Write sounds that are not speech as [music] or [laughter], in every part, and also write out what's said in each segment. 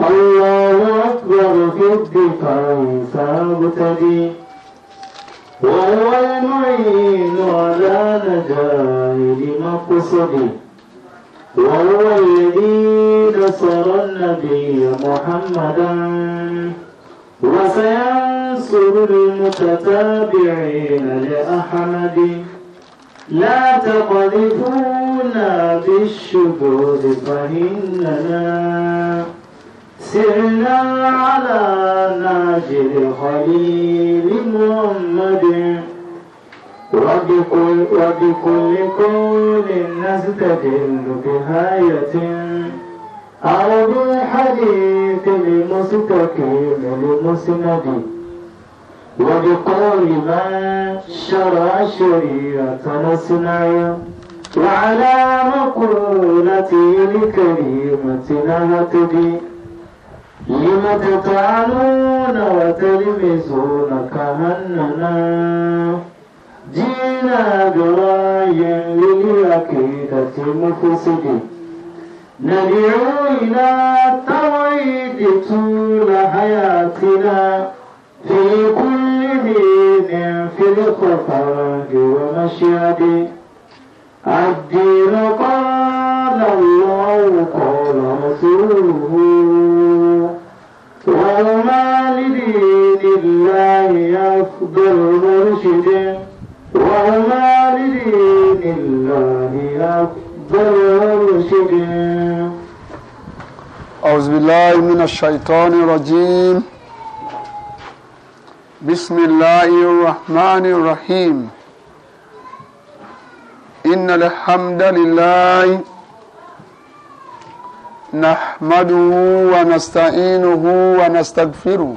الله أكبر في الدفاع فابتدي وهو المعين على نجاة مقصدي وهو الذي نصر النبي محمدا وسينصر المتتابعين لأحمد لا تقذفونا بالشذوذ فإننا سرنا على ناجر خليل محمد وبكل, وبكل قول نستدل بهاية أو بالحديث المستقيم المسند وبقول ما شرع شريعة نصنع وعلى مقولته لكريمتنا نهتدي المتطعمون وتلمسون كأننا جينا براي للعقيدة مفسد ندعو إلى التوحيد طول حياتنا في كل دين في الخفاج ومشهد الدين قال الله قال رسوله بالرشد وما لدين الله أفضل رشد أعوذ بالله من الشيطان الرجيم بسم الله الرحمن الرحيم إن الحمد لله نحمده ونستعينه ونستغفره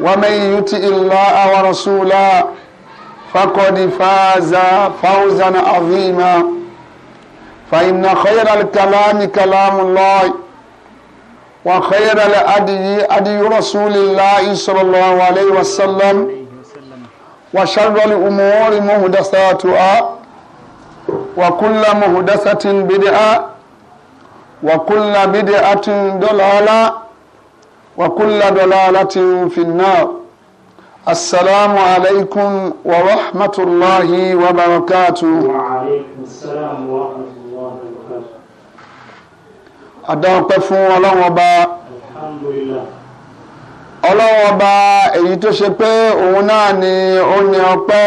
ومن يطع الله ورسوله فقد فاز فوزا عظيما فإن خير الكلام كلام الله وخير الأدي أدي رسول الله صلى الله عليه وسلم وشر الأمور مهدساتها وكل مهدسة بدعة وكل بدعة ضلالة وكل ضلالة في النار السلام عليكم ورحمة الله وبركاته وعليكم السلام ورحمة الله وبركاته أدعوك فون الله وبا الحمد لله ọlọ́wọ́ ọba èyí tó ṣe pé òun náà ni ó ní ọpẹ́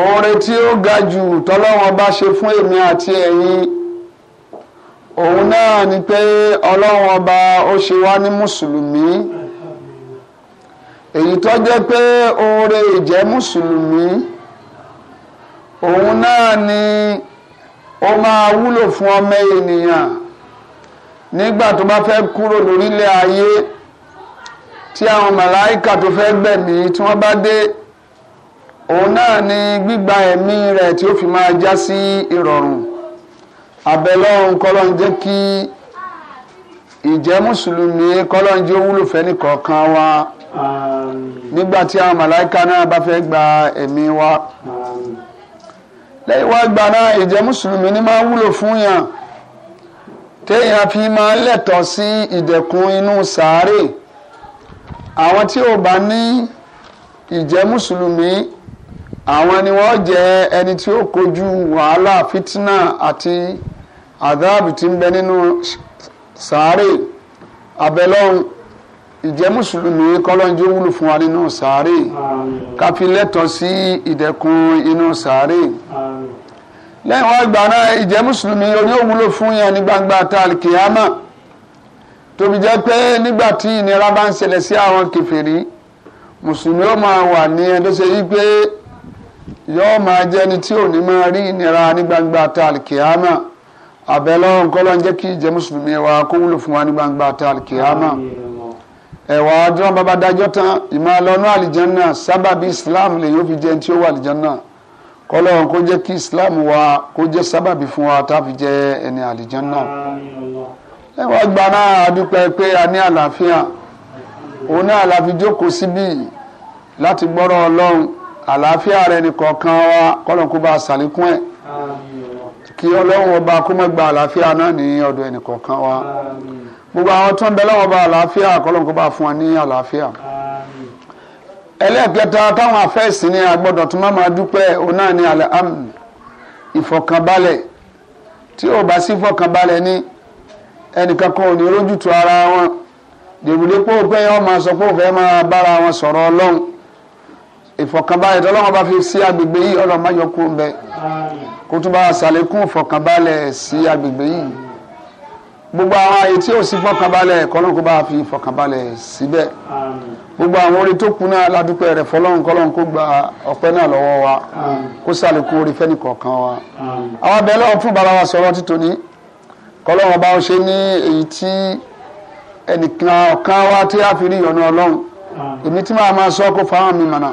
oore tí ó ga jù tọ́lọ́wọ́ ọba ṣe fún èmi àti ẹ̀yin òun náà ni pé ọlọ́run ọba ó ṣe wá ní mùsùlùmí èyí tó jẹ́ pé oore ìjẹ́ mùsùlùmí òun náà ni ó máa wúlò fún ọmọ ènìyàn nígbà tó bá fẹ́ kúrò lórílẹ̀ ayé tí àwọn màláìkà tó fẹ́ gbẹ̀mí tí wọ́n bá dé òun náà ni gbígba ẹ̀mí rẹ̀ tí ó fi máa já sí ìrọ̀rùn abẹ́lọ́run kọ́lọ́n jẹ́ kí ìjẹ́ mùsùlùmí kọ́lọ́n jẹ́ owúlò fẹ́ni kọ̀ọ̀kan wa nígbà tí àwọn màláìka náà bá fẹ́ gba ẹ̀mí wa lẹ́yìn wá gbà náà ìjẹ́ mùsùlùmí ni máa wúlò fún yàn téèyàn fi máa lẹ́tọ̀ọ́ sí ìdẹ̀kùn inú sàárè àwọn tí ò bá ní ìjẹ́ mùsùlùmí àwọn ni wọ́n jẹ́ ẹni tí ó kojú wàhálà fìtínà àti àdáàbù tí ń bẹ nínú sàárè abẹ́lọ́run ìjẹ́ mùsùlùmí kọ́lọ́njú wúlò fún wa nínú sàárè káfí lẹ́tọ̀ọ́ sí ìdẹ̀kùn inú sàárè lẹ́yìn wá gbà náà ìjẹ́ mùsùlùmí oní òwúlò fún yẹn ní gbangba tàlkìyámà tóbi jẹ́ pé nígbà tí ìnira bá ń ṣẹlẹ̀ sí àwọn kèfèrí mùsùlùmí ó máa wà ní ẹni tó ṣe yí pé yọ́ọ́ máa jẹ́ tí ò ní máa rí ìnira ní gbangba tàlkìyámà àbẹ̀lọ́ nkọ́lọ́ ń jẹ́ kí ìjẹ́ mùsùlùmí wa kó wúlò fún wa ní gbangba àti alikiyama ẹ̀wà ọdún bàbá dájọ́ tán ìmọ̀ ọlọ́nú àlìjánná sábàbí islam lè yóò fi jẹ́ tí ó wà àlìjánná kọ́lọ́ kó jẹ́ kí islam wa kó jẹ́ sábàbí fún wa tá a fi jẹ́ ẹni àlìjánná ẹ̀wà gbaná àdúpẹ́ pé a ní àlàáfíà òun náà la fi jókòó síbí láti gbọ́rọ̀ ọlọ́run àlàáfíà rẹ̀ nìkọ̀ọ̀kan wa kọ́lọ́ kí ọlọ́run ọba kó má gba àlàáfíà náà ní ọ̀dọ̀ ẹnìkọ̀ọ̀kan wa gbogbo àwọn tó ń bẹ lọ́wọ́ ọba àlàáfíà kọ́lọ́n kó bá fún wa ní àlàáfíà ẹlẹ́ẹ̀kẹta táwọn afẹ́sì ni agbọ́dọ̀ tó má máa dúpẹ́ òun náà ní alhamd ìfọ̀kànbalẹ̀ tí ò bá sí ìfọ̀kànbalẹ̀ ní ẹnìkan kan ò ní rójútu ara wọn dèbùdépò pé wọ́n máa sọ pé òun máa bára wọn sọ̀rọ̀ ọlọ́run ìfọ̀kànbalẹ̀ tọ́lọ́wọ́n bá fi sí agbègbè yìí ọlọ́run má yọ kúrò mbẹ́ kó tún bá ṣàlékún ìfọ̀kànbalẹ̀ sí agbègbè yìí gbogbo àwọn àyè tí ò sí fọ̀kànbalẹ̀ kọ́lọ́n kó bá fi ìfọ̀kànbalẹ̀ síbẹ̀ gbogbo àwọn orin tó kún náà ládùúpẹ́ rẹ̀ fọlọ́run kọ́lọ́run kó gba ọpẹ́ náà lọ́wọ́ wa kó ṣàlékún orin fẹ́ni kọ̀ọ̀kan wa àwọn abẹ́lẹ́ wọn fún bàbá wa sọ̀rọ̀ títòní kọ́lọ́run ọba ó ṣe ní èyí tí ẹnìkan ọ̀kan wa tí a fi rí ìyọnu ọlọ́run èmi tí màá máa sọ kó fáwọn mi mọ̀nà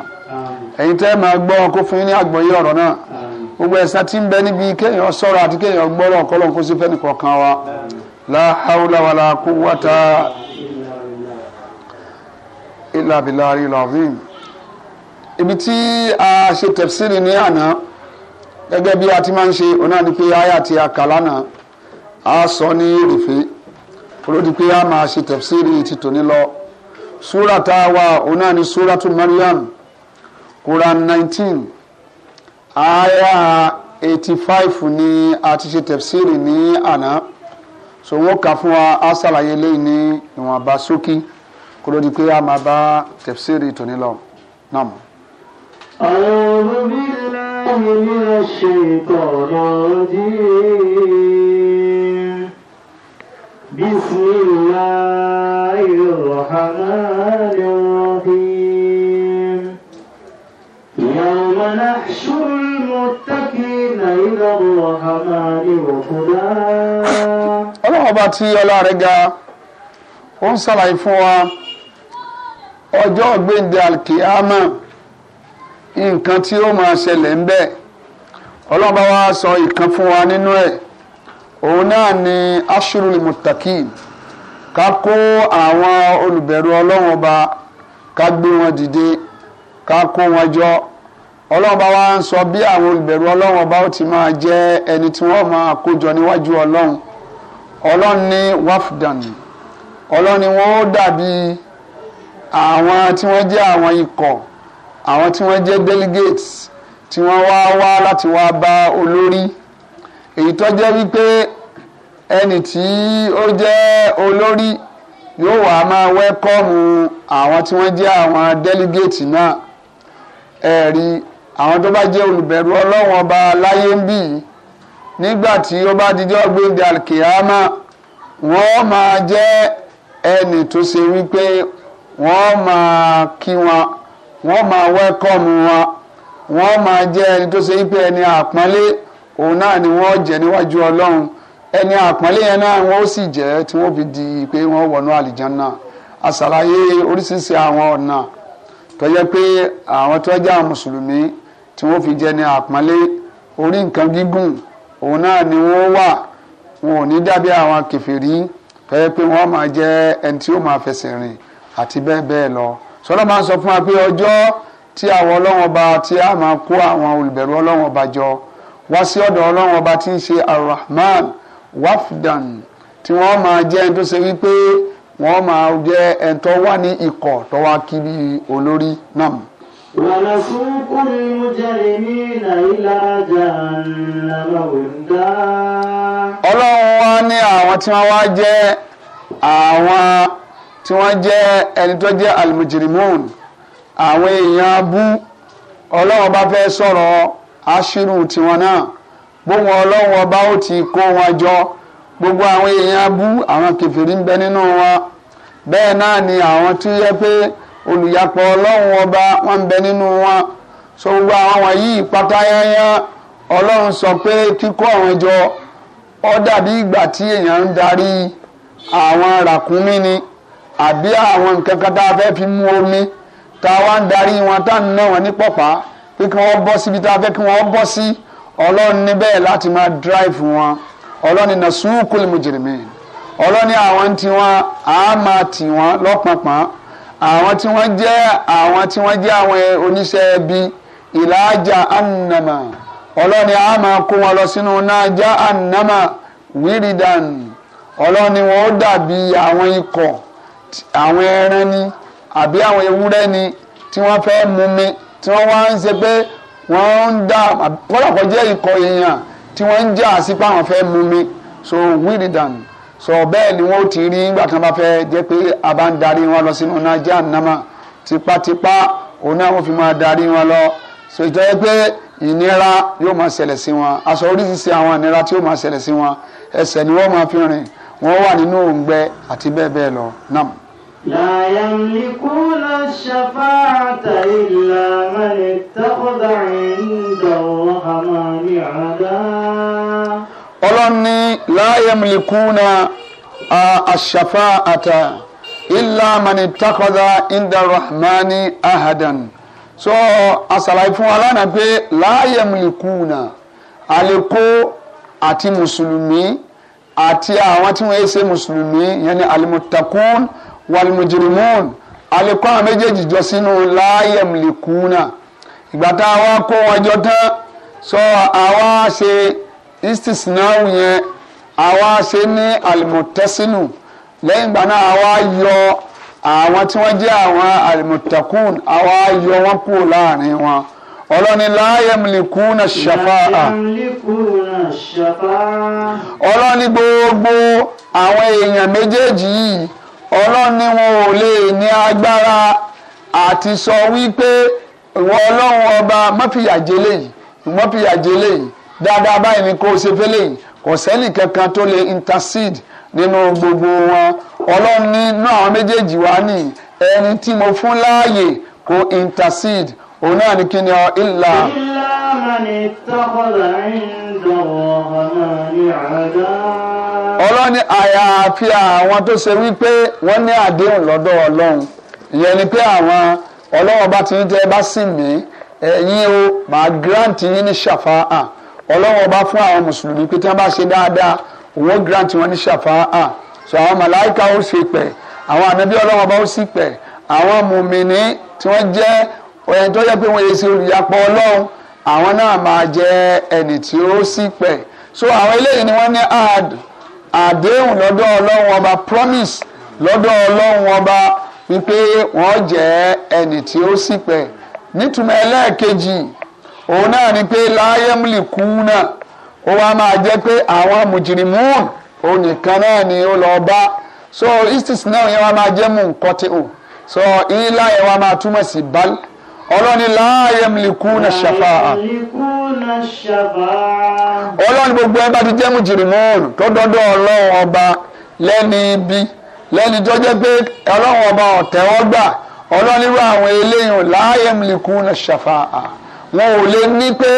ẹ̀yin tẹ́ máa gbọ́ kó fún yín ní àgbọ́yé ọ̀rọ̀ náà gbogbo ẹ̀sán tí ń bẹ níbi kéèyàn sọ̀rọ̀ àti kéèyàn gbọ́rọ̀ kọ́lọ́n kó sí fẹ́ni kọ̀ọ̀kan wa la hawla wala quwwata illa billahi al-azim ibi tí a ṣe tafsiri ní àná gẹ́gẹ́ bí a ti máa ń ṣe ọ̀nà ni pé aya ti a lánàá a sọ ní rìfé olódi pé a máa ṣe tafsiri ti tòní lọ súrà tá a wà ọ̀nà ni súratu mariam. Quran nineteen aya eighty five ni a ti ṣe tẹ̀fsíìrì ní àná so wọ́n kà fún wa á ṣàlàyé lẹ́yìn ní ìwọ̀nba ṣókí kó ló di pé a máa bá tẹ̀fsíìrì tòní lọ náà. أعوذ بالله من الشيطان الرجيم بسم الله الرحمن الرحيم ọlọ́run ọba tí ọlá rẹ̀ ga ó ń ṣàlàyé fún wa ọjọ́ gbẹ̀ndẹ̀ alkiyama nǹkan tí ó máa ṣẹlẹ̀ ń bẹ ọlọ́run bá wa sọ ìkan fún wa nínú ẹ̀ òun náà ni ashurul mutaki ká kó àwọn olùbẹ̀rù ọba ká gbé wọn dìde ká kó wọn jọ ọlọ́run bá wa ń sọ bí àwọn olùbẹ̀rù ọlọ́run ọba ó ti máa jẹ́ ẹni tí wọ́n máa kójọ níwájú ọlọ́run ọlọ́run ní wafdan ọlọ́run ni wọ́n ó dàbí àwọn tí wọ́n jẹ́ àwọn ikọ̀ àwọn tí wọ́n jẹ́ delegates tí wọ́n wá wá láti wá bá olórí èyí tó jẹ́ wípé ẹnì tí ó jẹ́ olórí yóò wá máa wẹ́kọ̀mù àwọn tí wọ́n jẹ́ àwọn délégéètì náà ẹ̀rí àwọn tó bá jẹ́ olùbẹ̀rù ọlọ́run ọba láyé ń bì í nígbà tí ó bá dijọ́ gbéńdé alkiyama wọ́n máa jẹ́ ẹnì tó ṣe wípé wọ́n máa kí wọn wọ́n máa wọn wọ́n máa jẹ́ ẹni tó ṣe wípé ẹni àpọ́nlé ni wọ́n jẹ́ níwájú ọlọ́run ẹni àpọ́nlé yẹn náà wọ́n sì jẹ́ di pé wọ́n wọnú àṣàlàyé oríṣiríṣi àwọn ọ̀nà pé àwọn tó tí wọ́n fi jẹ ní àpọ́nlé orí nǹkan gígùn òun náà ni wọ́n wà wọn ò ní dàbí àwọn kèfèrí fẹ́ẹ́ pé wọ́n máa jẹ́ ẹni tí ó máa fẹsẹ̀ rìn àti bẹ́ẹ̀ bẹ́ẹ̀ lọ sọlá máa ń sọ fún wa pé ọjọ́ tí àwọn ọlọ́wọ́n ọba tí a máa kó àwọn olùbẹ̀rù ọlọ́wọ́n ọba jọ wá sí ọ̀dọ̀ ọlọ́wọ́n ọba tí ń ṣe arahman wafdan tí wọ́n máa jẹ́ ẹni tó ṣe wípé wọ́n máa jẹ́ ẹni tó wà ní ikọ̀ tó wá kí olórí náà. ونسوق المجرمين إلى جهنم وردا ọlọ́run wá ní àwọn tí wọ́n wá jẹ́ àwọn tí wọ́n jẹ́ ẹni tó jẹ́ almujrimun àwọn èèyàn abú ọlọ́run bá fẹ́ sọ̀rọ̀ aṣírù tiwọn náà gbogbo ọlọ́run ọba ó ti kó wọn jọ gbogbo àwọn èèyàn abú àwọn kẹfìrí ń bẹ nínú wọn bẹ́ẹ̀ náà ni àwọn tí yẹ pé. olùyapọ̀ ọlọ́run ọba wọn ń bẹ nínú wọn so gbogbo àwọn yìí pátáyáyá ọlọ́run sọ pé kíkó àwọn jọ ó dàbí ìgbà tí èèyàn ń darí àwọn ràkúnmí ni àbí àwọn nǹkan kan tá a fẹ́ fi mú omi tá a wá ń darí wọn tá a ń ní pọ̀pá pé kí wọ́n bọ́ síbi tá a fẹ́ kí wọ́n bọ́ sí ọlọ́run níbẹ̀ láti máa drive wọn ọlọ́run ní nasukul mujrimin ọlọ́run ní àwọn tí wọ́n á máa tì wọ́n lọ́pọ̀pọ̀ àwọn tí wọ́n jẹ́ àwọn tí wọ́n jẹ́ àwọn oníṣẹ́ ẹbí ìlàjà ànàmà ọlọ́ni a máa kó wọn lọ sínú nájà ànàmà wíìrìdàn ọlọ́ni wọn ó dàbí àwọn ikọ̀ àwọn ẹran ni àbí àwọn ewúrẹ́ ni tí wọ́n fẹ́ mú mi tí wọ́n wá ń ṣe pé wọ́n ń dá kọ́lá kọjá ikọ̀ èèyàn tí wọ́n ń jà sí pé àwọn fẹ́ mú mi so wíìrìdàn so bẹ́ẹ̀ ni wọ́n ti rí nígbà tí wọ́n bá fẹ́ jẹ́ pé a bá ń darí wọn lọ sínú nájà nàmà tipátipá òun náà wọ́n fi máa darí wọn lọ so ìjọba pé ìnira yóò máa ṣẹlẹ̀ sí wọn aṣọ oríṣiríṣi àwọn ìnira tí yóò máa ṣẹlẹ̀ sí wọn ẹsẹ̀ ni wọ́n máa fi rìn wọ́n wà nínú òǹgbẹ àti bẹ́ẹ̀ bẹ́ẹ̀ lọ náà. لا يملكون الشفاعة إلا من اتخذ عند الرحمن عهدا ọlọ́ni láyẹ̀mìlìkúnà àṣàfà àtà ilà mànìtàkọ́dà indarahmani ahadan so àṣàlàyé fún wa lánàá pé láyẹ̀mìlìkúnà àlékó àti mùsùlùmí àti àwọn tí wọ́n ṣe mùsùlùmí yẹn ni alimutakun walimujirimun àlékó àwọn méjèèjì jọ sínú láyẹ̀mìlìkúnà ìgbà tá a wá kó wọn jọ tán so àwa ṣe istisnawu yẹn àwa ṣe ní alimọtẹsínú lẹ́yìn ìgbà náà àwa yọ àwọn tí wọ́n jẹ́ àwọn alimọtẹkùn àwa yọ wọn kúrò láàrin wọn ọlọ́ni láyẹ̀mìlìkúnà ṣàfáà ọlọ́ni gbogbo àwọn èèyàn méjèèjì yìí ọlọ́ni wọn ò lè ní agbára àti sọ wípé ìwọ ọlọ́run ọba mọ́fìyàjẹ́lẹ̀ yìí mọ́fìyàjẹ́lẹ̀ yìí dáadáa báyìí ni kò ṣe fẹ́lẹ̀ yìí kò sẹ́nì kankan tó lè intercede nínú gbogbo wọn ọlọ́run nínú àwọn méjèèjì wá ní ẹni tí mo fún láàyè kò intercede òun náà ni kí ni ọ ìlà. ìlà mani tọ́kọ̀lá ìdọ̀ ọ̀nà ni àdá. ọlọ́run ní àyàfi àwọn tó ṣe wípé wọ́n ní àdéhùn lọ́dọ̀ ọlọ́run ìyẹn ni pé àwọn ọlọ́run bá ti ń tẹ́ bá sì mí ẹ̀yin o màá grant yín ní ṣàfáà ọlọ́run ọba fún àwọn mùsùlùmí pé tí wọ́n bá ṣe dáadáa òun grant wọn ní ṣàfáà so àwọn màláìka ó ṣe pẹ̀ àwọn ànábí ọlọ́run ọba ó sì pẹ̀ àwọn mùmìnì tí wọ́n jẹ́ ẹni tó yẹ pé wọ́n yẹ ṣe olùyapọ̀ ọlọ́run àwọn náà máa jẹ ẹni tí ó sì pẹ̀ so àwọn eléyìí ni wọ́n ní àdéhùn lọ́dọ̀ ọlọ́run ọba promise lọ́dọ̀ ọlọ́run ọba wípé wọ́n jẹ́ ẹni tí ó sì pẹ̀ nítumọ̀ ẹlẹ́ẹ̀kejì òun náà ni pé láyémùlì kúnà ó wá máa jẹ́ pé àwọn mùjìrìmùn òun náà ni ó lọ bá so istis náà yẹn wá máa jẹ́ mú nǹkan tí ò so ilá yẹn wá máa túmọ̀ sí bal ọlọ́ni láyémùlì kúnà ṣàfà ọlọ́ni gbogbo ẹ bá ti jẹ́ mùjìrìmùn tó dọ́dọ̀ ọlọ́run ọba lẹ́ni ibi lẹ́ni tó jẹ́ pé ọlọ́run ọba ọ̀tẹ́wọ́gbà ọlọ́nirú àwọn eléyìn láyémùlì kúnà ṣàfà ọ̀hún wọn ò lè ní pé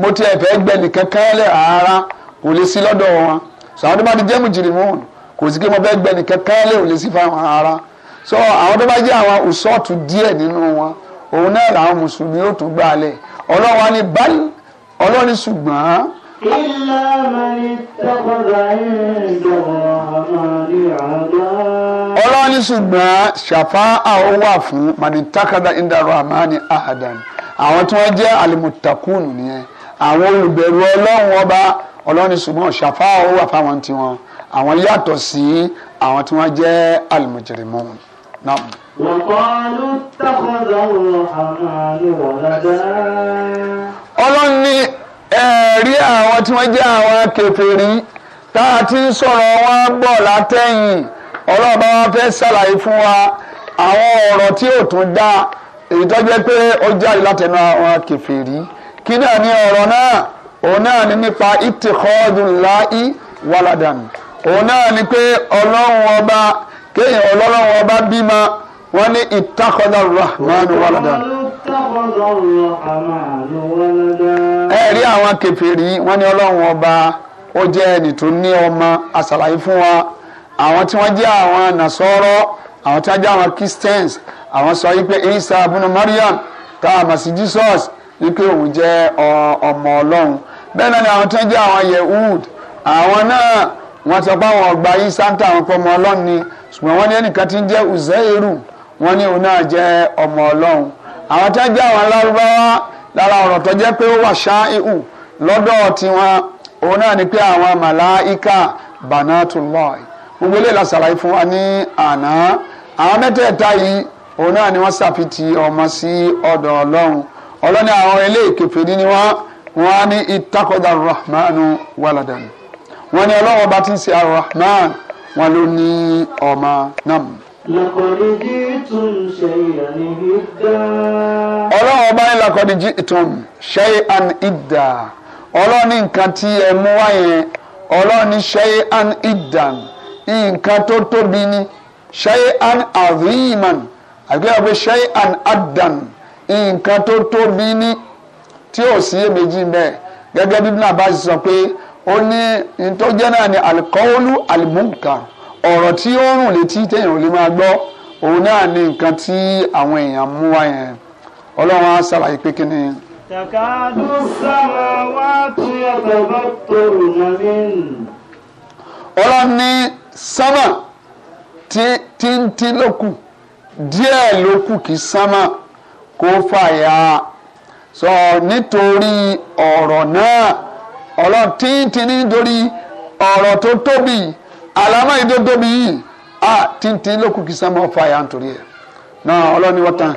mo ti ẹ̀fẹ́ gbẹ̀lì kankan lẹ̀ rárá kò lè sí lọ́dọ̀ wọn so àwọn tó bá ti jẹ́ mùjìrìmùn kò sí pé mo fẹ́ gbẹ̀lì kankan lẹ̀ ò lè sí fáwọn rárá so àwọn tó bá jẹ́ àwọn ùsọ́ọ̀tù díẹ̀ nínú wọn òun náà làwọn mùsùlùmí yóò tún gbà lẹ̀ ọlọ́run ni báyìí ọlọ́run ni ṣùgbọ́n. ilá mani tọkọdà ìjọba àmàlí àdá. ọlọ́run ni ṣùgbọ́n ṣàfáà àwọn tí wọ́n jẹ́ alimutakun nìyẹn àwọn olùbẹ̀rù ọlọ́run ọba ọlọ́run ṣùgbọ́n ṣàfà ó wà fáwọn tiwọn àwọn yàtọ̀ sí àwọn tí wọ́n jẹ́ alimujirimun náà. wàkọ́lù tàkọ́dà ọ̀hánà wọ̀lọ́dà. ọlọ́run ní ẹ̀rí àwọn tí wọ́n jẹ́ àwọn kèfèrí tá a ti ń sọ̀rọ̀ wọn bọ̀ látẹ̀yìn ọlọ́ọ̀bá wọn fẹ́ ṣàlàyé fún wa àwọn ọ̀rọ̀ tí ò tún dáa èyí tó jẹ́ pé ó jáde látẹnu àwọn kèfèrí kí náà ní ọ̀rọ̀ náà òun náà ní nípa ìtìkọ́ọ̀dù láì wàládàn òun náà ní pé ọlọ́run ọba kéèyàn ọlọ́run ọba bímọ wọ́n ní ìtàkọ́dà rahman wàládàn. ẹ rí àwọn kèfèrí wọ́n ní ọlọ́run ọba ó jẹ́ ẹni tó ní ọmọ àṣàlàyé fún wa àwọn tí wọ́n jẹ́ àwọn nàṣọ́rọ́ àwọn tí wọ́n jẹ́ àwọn christians àwọn sọ yìí pé Isa abúlé Mariam tá a mọ̀ sí Jesus wípé òun jẹ́ ọmọ ọlọ́run bẹ́ẹ̀ náà ni àwọn tó ń jẹ́ àwọn Yehud àwọn náà wọ́n sọ pé àwọn ọgbà Isa ń tà àwọn ọmọ ọlọ́run ni ṣùgbọ́n wọ́n ní ẹnìkan tí ń jẹ́ Uzairu wọ́n ní òun náà jẹ́ ọmọ ọlọ́run àwọn tó ń jẹ́ àwọn lárúbáwá lára ọ̀rọ̀ tó jẹ́ pé ó wà ṣáíhù lọ́dọ̀ tiwọn òun náà ni pé àwọn màláíkà banatullah gbogbo eléyìí la ṣàlàyé fún wa ní àná àwọn mẹ́tẹ̀ẹ̀ta yìí òun náà ni wọ́n ṣàfitì ọmọ sí ọ̀dọ̀ ọlọ́run ọlọ́ni àwọn eléyìí kèfèrí ni wọ́n wọ́n á ní ìtakọ̀dà rahmanu waladan wọ́n ní ọlọ́run ọba tí ń ṣe arahman wọn ló ní ọmọ náà. lakọ̀dí jí tún ṣe ìyàní ìdá. ọlọ́run ọba ní lakọ̀dí jí tún ṣe an ìdá ọlọ́run ní nǹkan tí ẹ mú wáyẹn ọlọ́run ní ṣe an ìdá nǹkan tó tóbi ní ṣe an aziman àgbẹ̀ ọ̀gbẹ́ ṣẹ́yìn and adam nǹkan tó tóbi ní tí ò sí èméjì mẹ́ẹ̀ gẹ́gẹ́ bí bíbélì bá sọ pé ó ní ntọ́jẹ́ náà ni alikọ́wọ́lù alimunka ọ̀rọ̀ tí ó rùn létí téèyàn ò lè máa gbọ́ òun náà ni nǹkan tí àwọn èèyàn mú wá yẹn ọlọ́run á ṣàlàyé pé kí ni. takadu samawatu yatabattarna min. ọlọ́run ní sábà tí tí ń tí lókù díẹ̀ ló kù kí sánmà kó fàyà sọ nítorí ọ̀rọ̀ náà ọ̀rọ̀ tíntín nítorí ọ̀rọ̀ tó tóbi àlámà yìí tó tóbi yìí a tíntín ló kù kí sánmà fàyà nítorí ẹ̀ náà ọlọ́ni wọ́tá.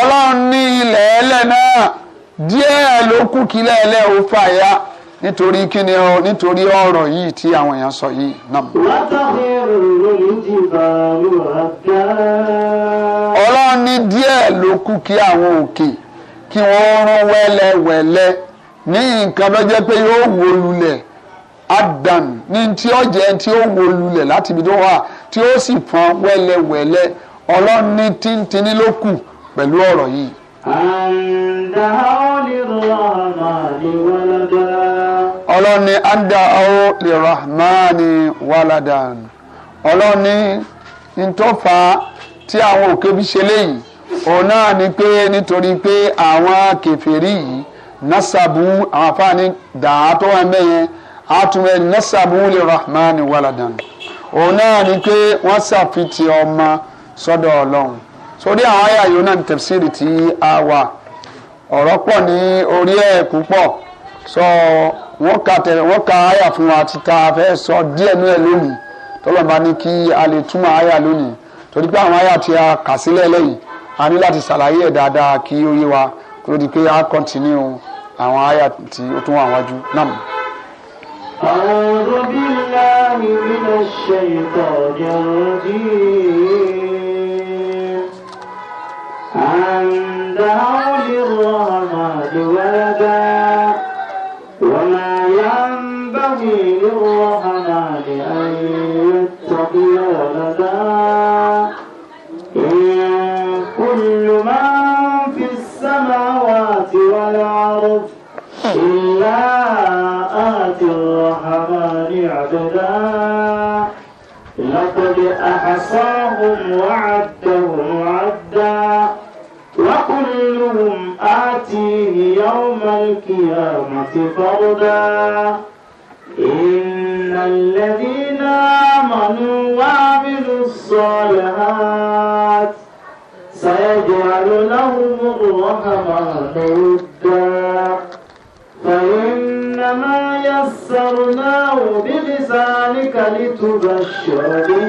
ọlọ́run ní ilẹ̀ ẹlẹ́ náà díẹ̀ ló kù kí ilẹ̀ ẹlẹ́ ò fàyà nítorí kíni o nítorí ọ̀rọ̀ yìí tí àwọn èèyàn sọ yìí náà. ọlọ́run ní díẹ̀ ló kù kí àwọn òkè kí wọ́n rún wẹ́lẹ́wẹ́lẹ́ ní nǹkan ló jẹ́ pé yóò wó lulẹ̀ adan ní tí ó jẹ́ tí ó wó lulẹ̀ láti ibi tó wà tí ó sì pọn wẹ́lẹ́wẹ́lẹ́ ọlọ́run ní tíntínní ló kù pẹ̀lú ọ̀rọ̀ yìí. àǹdà ó lè rọ̀ ọlọ́run ní anda awo lè rahmani waladan ọlọ́run ní ntọ́fà tí àwọn òkè bí ṣe léyìí òun náà ni pé nítorí pé àwọn kèfèrí yìí nasabu àwọn afáàní dàátọ́ ẹ̀mẹ́ yẹn àtúnbẹ̀ nasabu lè rahmani waladan òun náà ni pé wọ́n ṣàfitì ọmọ sọ́dọ̀ ọlọ́run sórí àwọn àyà yìí náà ní tẹ̀síìrì tí a wà ọ̀rọ̀ pọ̀ ní orí ẹ̀ púpọ̀ sọ. So, wọ́n ka tẹ̀lé wọ́n ka àyà fún wa ti ta fẹ́ sọ díẹ̀ nínú ẹ̀ lónìí tọ́lọ́mọba ní kí a lè túmọ̀ àyà lónìí torí pé àwọn àyà tí a kà sílẹ̀ lẹ́yìn a ní láti ṣàlàyé ẹ̀ dáadáa kí ó yé wa kó ló di pé a kọ́ntínú àwọn àyà tí ó tún wà wájú náà. أعوذ بالله من الشيطان الرجيم عند عون الرحمن ولدا وما ينبغي للرحمن أن يتقي ولدا إن كل من في السماوات والأرض إلا آتي الرحمن عبدا لقد أحصاهم وعدهم عدا وكلهم آتيه يوم القيامة فردا إن الذين آمنوا وعملوا الصالحات سيجعل لهم الرحمن ودا فإنما يسرناه بلسانك لتبشر به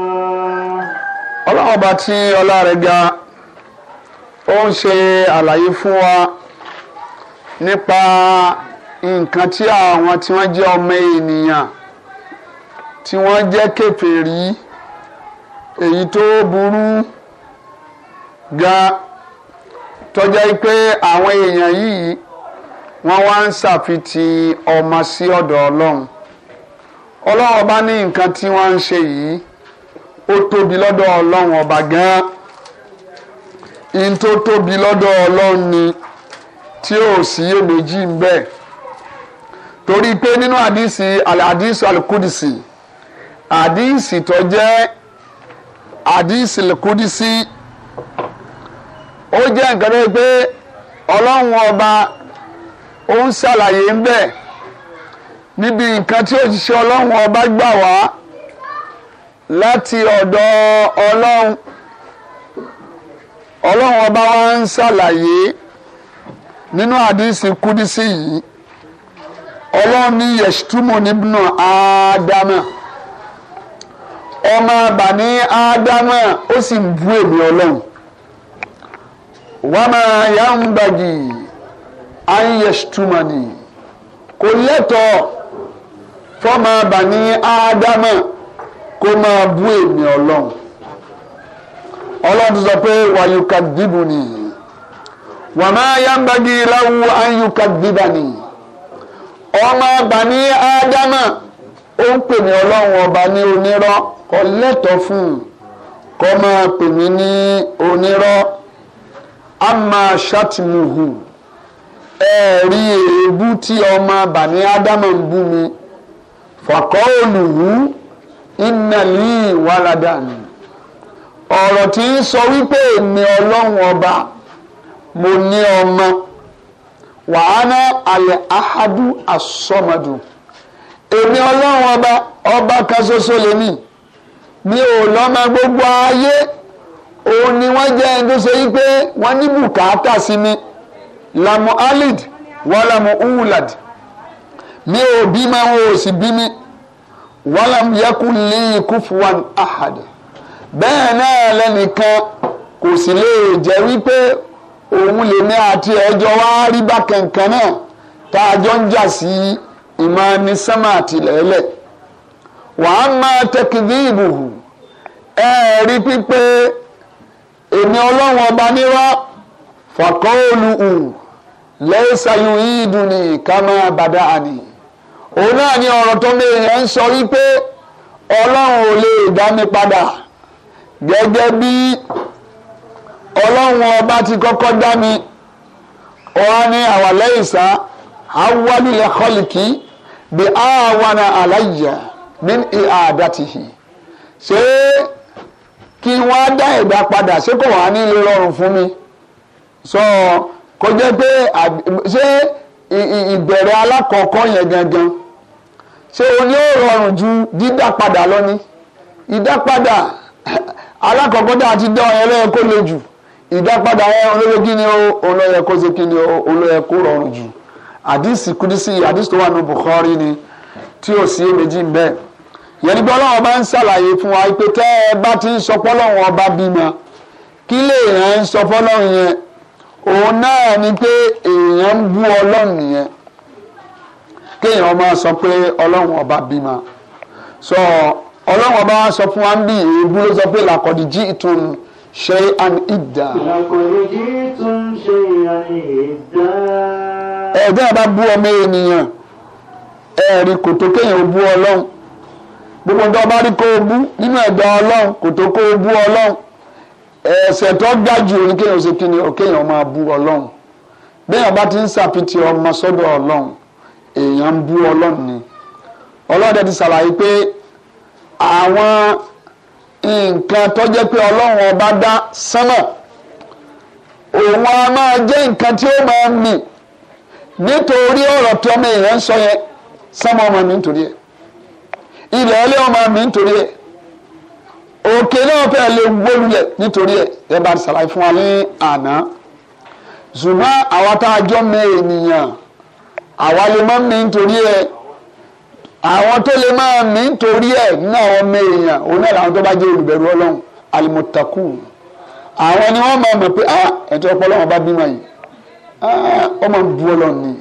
ọlọ́run ọba tí ọlá rẹ̀ ga ó ń ṣe àlàyé fún wa nípa nǹkan tí àwọn tí wọ́n jẹ́ ọmọ ènìyàn tí wọ́n jẹ́ kèfèrí èyí tó burú gan tọ́jà pé àwọn èèyàn yìí wọ́n wá ń ṣàfitì ọmọ sí ọ̀dọ̀ ọlọ́run ọlọ́run ọba ní nǹkan tí wọ́n ń ṣe yìí ó tóbi lọ́dọ̀ ọlọ́run ọba gan-an in tó tóbi lọ́dọ̀ ọlọ́run ni tí ò sí èméjì ń bẹ torí pé nínú àdìsí àdìsí alukudisi àdìsí tó jẹ́ àdìsí alukudisi ó jẹ́ nǹkan tó yẹ pé ọlọ́run ọba ó ń ṣàlàyé ń bẹ níbi nǹkan tí òṣìṣẹ́ ọlọ́run ọba gbà wá láti ọ̀dọ̀ ọlọ́run ọlọ́run ọba wa ń ṣàlàyé nínú àdìsí kúdísí yìí ọlọ́run ní yẹ̀ṣítúmù níbùnà ádámà ọmọ bàní ádámà ó sì ń bú èmi ọlọ́run wàmà yàǹbàgì ayẹ̀ṣítúmù ni kò lẹ́tọ̀ọ́ fọ́mọ bàní ádámà. kó máa bú èmi ọlọ́run ọlọ́run ti sọ pé wàyùkà dìbò ni wàmá yambagi láwù ayùkà dìbà ni ọmọ ní ádámà ó ń pè mí ọlọ́run ọba ní onírọ́ kọ lẹ́tọ̀ọ́ fún un kó máa pè mí ní onírọ́ a máa ṣàtìmùhù ẹ̀ẹ̀rí èébú tí ọmọ ní ádámà ìnàlí ìwàládà walada ọ̀rọ̀ tí ń sọ wípé èmi ọlọ́run ọba mo ní ọmọ wàhánà àlẹ ahadu asọmọdù èmi ọlọ́run ọba ọba kan lèmi mi ò lọ́mọ gbogbo ayé òun ni wọ́n jẹ́ ẹni tó ṣe wípé wọ́n ní bùkátà sí mi lamu alid wàlámù uhulad mi ò bímọ wọn ò sì bí Si wàlám yakun li kufuwan ahad bẹ́ẹ̀ náà lẹ́nìkan kò sì lè jẹ́ wípé òun lè ní àti ẹjọ́ wá rí bákẹ̀ǹkan náà tá a jọ ń jà sí ìmọ̀ ní sánmà àtìlẹ́lẹ̀ wàá máa tẹkìdí ìbùhù ẹ rí pípé èmi ọlọ́run ọba nírọ́ fàkọ́ọ̀lù hù lẹ́sàyún yìí dùn ní ká máa bàdá òun náà ni ọ̀rọ̀ tó lé ẹ̀ ń sọ wípé ọlọ́run ò lè dá mi padà gẹ́gẹ́ bí ọlọ́run ọba ti kọ́kọ́ dá mi ọ̀rọ̀ ni àwàlẹ́ ìsá awálilẹ̀ kọ́lìkì bí àwana àlàyé ní àdàtìhì ṣé kí wọ́n á dá ẹ̀dá padà ṣé kò wá ní lè rọrùn fún mi sọ kò jẹ́ pé ṣé. So, ìbẹ̀rẹ̀ alákọ̀ọ́kọ́ yẹn gangan ṣé o ní ó rọrùn ju dídá padà lọ ni ìdápadà alákọ̀ọ́kọ́ dáa ti dán ẹ lọ́yẹ kó le jù ìdápadà ẹ olóyè kí ni olóyè kó ṣe kí ni olóyè kó rọrùn jù àdìsí kúdísí àdìsí tó wà ní Bukhari ni tí ò sí èméjì ń bẹ́ẹ̀ yẹn ní bí ọlọ́run bá ń ṣàlàyé fún wa pé tẹ́ ẹ bá ti ń sọ fọ́lọ́run ọba bímọ kí lè ràn ń sọ fọ́lọ́run yẹn òun náà ni pé èèyàn ń bú ọlọ́run nìyẹn kéèyàn máa sọ pé ọlọ́run ọba bímọ sọ ọlọ́run ọba wa sọ fún wa ń bí èébú ló sọ pé làkọ̀dí jí ìtún ṣe an ìdá. làkọ̀dí jí ìtún ṣe an ìdá. ẹ̀ẹ́dẹ́ bá bú ọmọ ènìyàn ẹ̀ẹ́rì kò tó kéèyàn bú ọlọ́run gbogbo nǹkan rí kó o bú nínú ẹ̀dá ọlọ́run kò kó o bú ọlọ́run ẹ̀ṣẹ̀ tó ga jù ní kéèyàn ṣe kí ni kéèyàn máa bú ọlọ́run béèyàn bá ti ń ṣàpìtì ọmọ sọ́dọ̀ ọlọ́run èèyàn ń bú ọlọ́run ni ọlọ́dẹ ti ṣàlàyé pé àwọn nǹkan tó jẹ́ pé ọlọ́run ọba dá sánmà òun a máa jẹ́ nǹkan tí ó máa ń mì nítorí ọ̀rọ̀ tí ọmọ èèyàn ń sọ yẹn sánmà ọmọ mi nítorí ẹ̀ ilẹ̀ ẹlẹ́ ọmọ mi nítorí ẹ̀ òkè náà fẹ́ lè wólulẹ̀ nítorí ẹ̀ ẹ bá ti ṣàlàyé fún wa ní àná ṣùgbọ́n àwa tá a jọ mọ ènìyàn àwa lè má mí nítorí ẹ̀ àwọn tó lè má mí nítorí ẹ̀ nínú àwọn ọmọ èèyàn òun náà làwọn tó bá jẹ́ olùbẹ̀rù ọlọ́run alimotaku àwọn ni wọ́n máa mọ̀ pé ah ẹ̀tọ́ ọpọlọ wọn bá bímọ yìí ah ọmọ bu ọlọ́run ni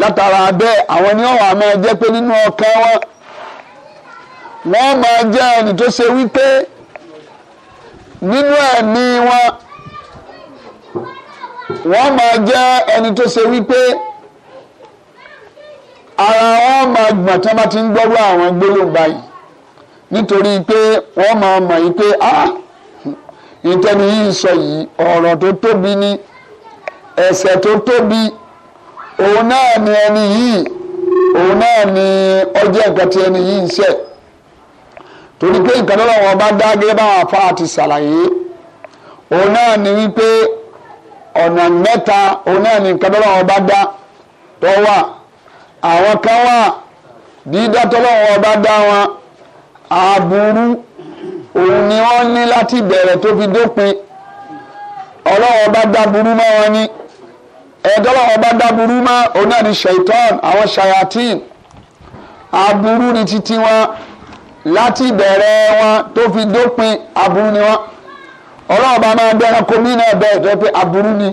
látara bẹ́ẹ̀ àwọn ni wọ́n wà máa jẹ́ pé nínú ọkàn wọn wọ́n máa jẹ́ ẹni tó ṣe wípé nínú ẹ̀mí wọn wọ́n máa jẹ́ ẹni tó ṣe wípé ara wọn máa gbọ̀n tí wọ́n bá ti ń gbọ́rú àwọn gbólóhùn báyìí nítorí pé wọ́n máa mọ̀ yìí pé ah ìtẹ́ni yìí sọ yìí ọ̀rọ̀ tó tóbi ni ẹ̀ṣẹ̀ tó tóbi òun náà ni ẹni yìí òun náà ni ọjọ́ nǹkan ẹni yìí ń ṣẹ̀ torí pé nǹkan tó lọ́wọ́ bá dá gẹ́gẹ́ báwọn afá àti ṣàlàyé òun náà ni wípé ọ̀nà mẹ́ta òun náà ni nǹkan tó lọ́wọ́ bá dá tó wà àwọn kan wà dídá tó lọ́wọ́ bá dá wọn aburú òun ni wọ́n ní láti bẹ̀rẹ̀ tó fi dópin ọlọ́wọ́ bá dá burú mọ́ wọn ni ẹ̀ẹ́dọ́lọ́wọ́ bá dá burú mọ́ òun náà ni ṣèitán àwọn ṣayatin aburú ni titi wọn láti bẹ̀rẹ̀ wọn tó fi dópin aburú ni wọn ọlọ́run bá máa bẹ ẹranko mí náà bẹ́ẹ̀ tó pé aburú ni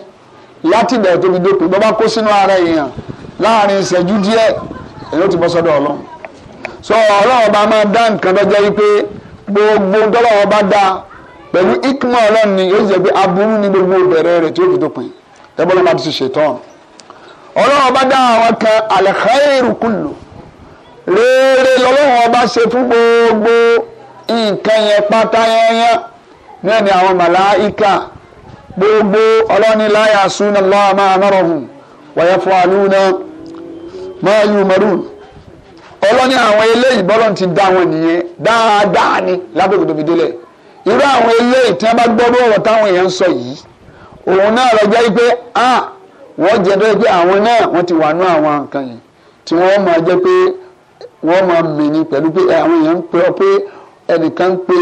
láti bẹ̀rẹ̀ tó fi dópin bọ́ bá kó sínú ara èèyàn láàrin ìṣẹ́jú díẹ̀ èyí ó ti bọ́ sọ́dọ̀ ọlọ́run so ọlọ́run bá máa dá nǹkan tó jẹ́ wípé gbogbo dọ́lọ́wọ́ bá dá pẹ̀lú ikmọ̀ ọlọ́run ni yóò jẹ́ pé aburú ni gbogbo bẹ̀rẹ̀ rẹ̀ tó fi dópin tẹ́bọ́lọ́ máa ti ṣe tán ọlọ́run bá dá àwọn kan al khairu kullu rere lọ́lọ́run ọba ṣe fún gbogbo nǹkan yẹn pátá yẹnyẹn náà ni àwọn màláìka gbogbo ọlọ́ni láyà súnà lọ́wọ́ máa nọ́rọ̀ hùn wọ̀nyẹn fún àlùna máa yù mẹ́rùn ọlọ́ni àwọn eléyìí bọ́lọ̀ ti dá wọn nìyẹn dáadáa ni lábẹ́kùn tó délẹ̀ irú àwọn eléyìí tí wọ́n bá gbọ́ bọ́ọ̀rọ̀ táwọn èèyàn ń sọ yìí òun náà lọ jẹ́ pé ah, wọ́n jẹ́ pé àwọn náà wọ́n ti wọ́n máa mì ní pẹ̀lú pé àwọn èèyàn ń pè ọ́ pé ẹnìkan ń pè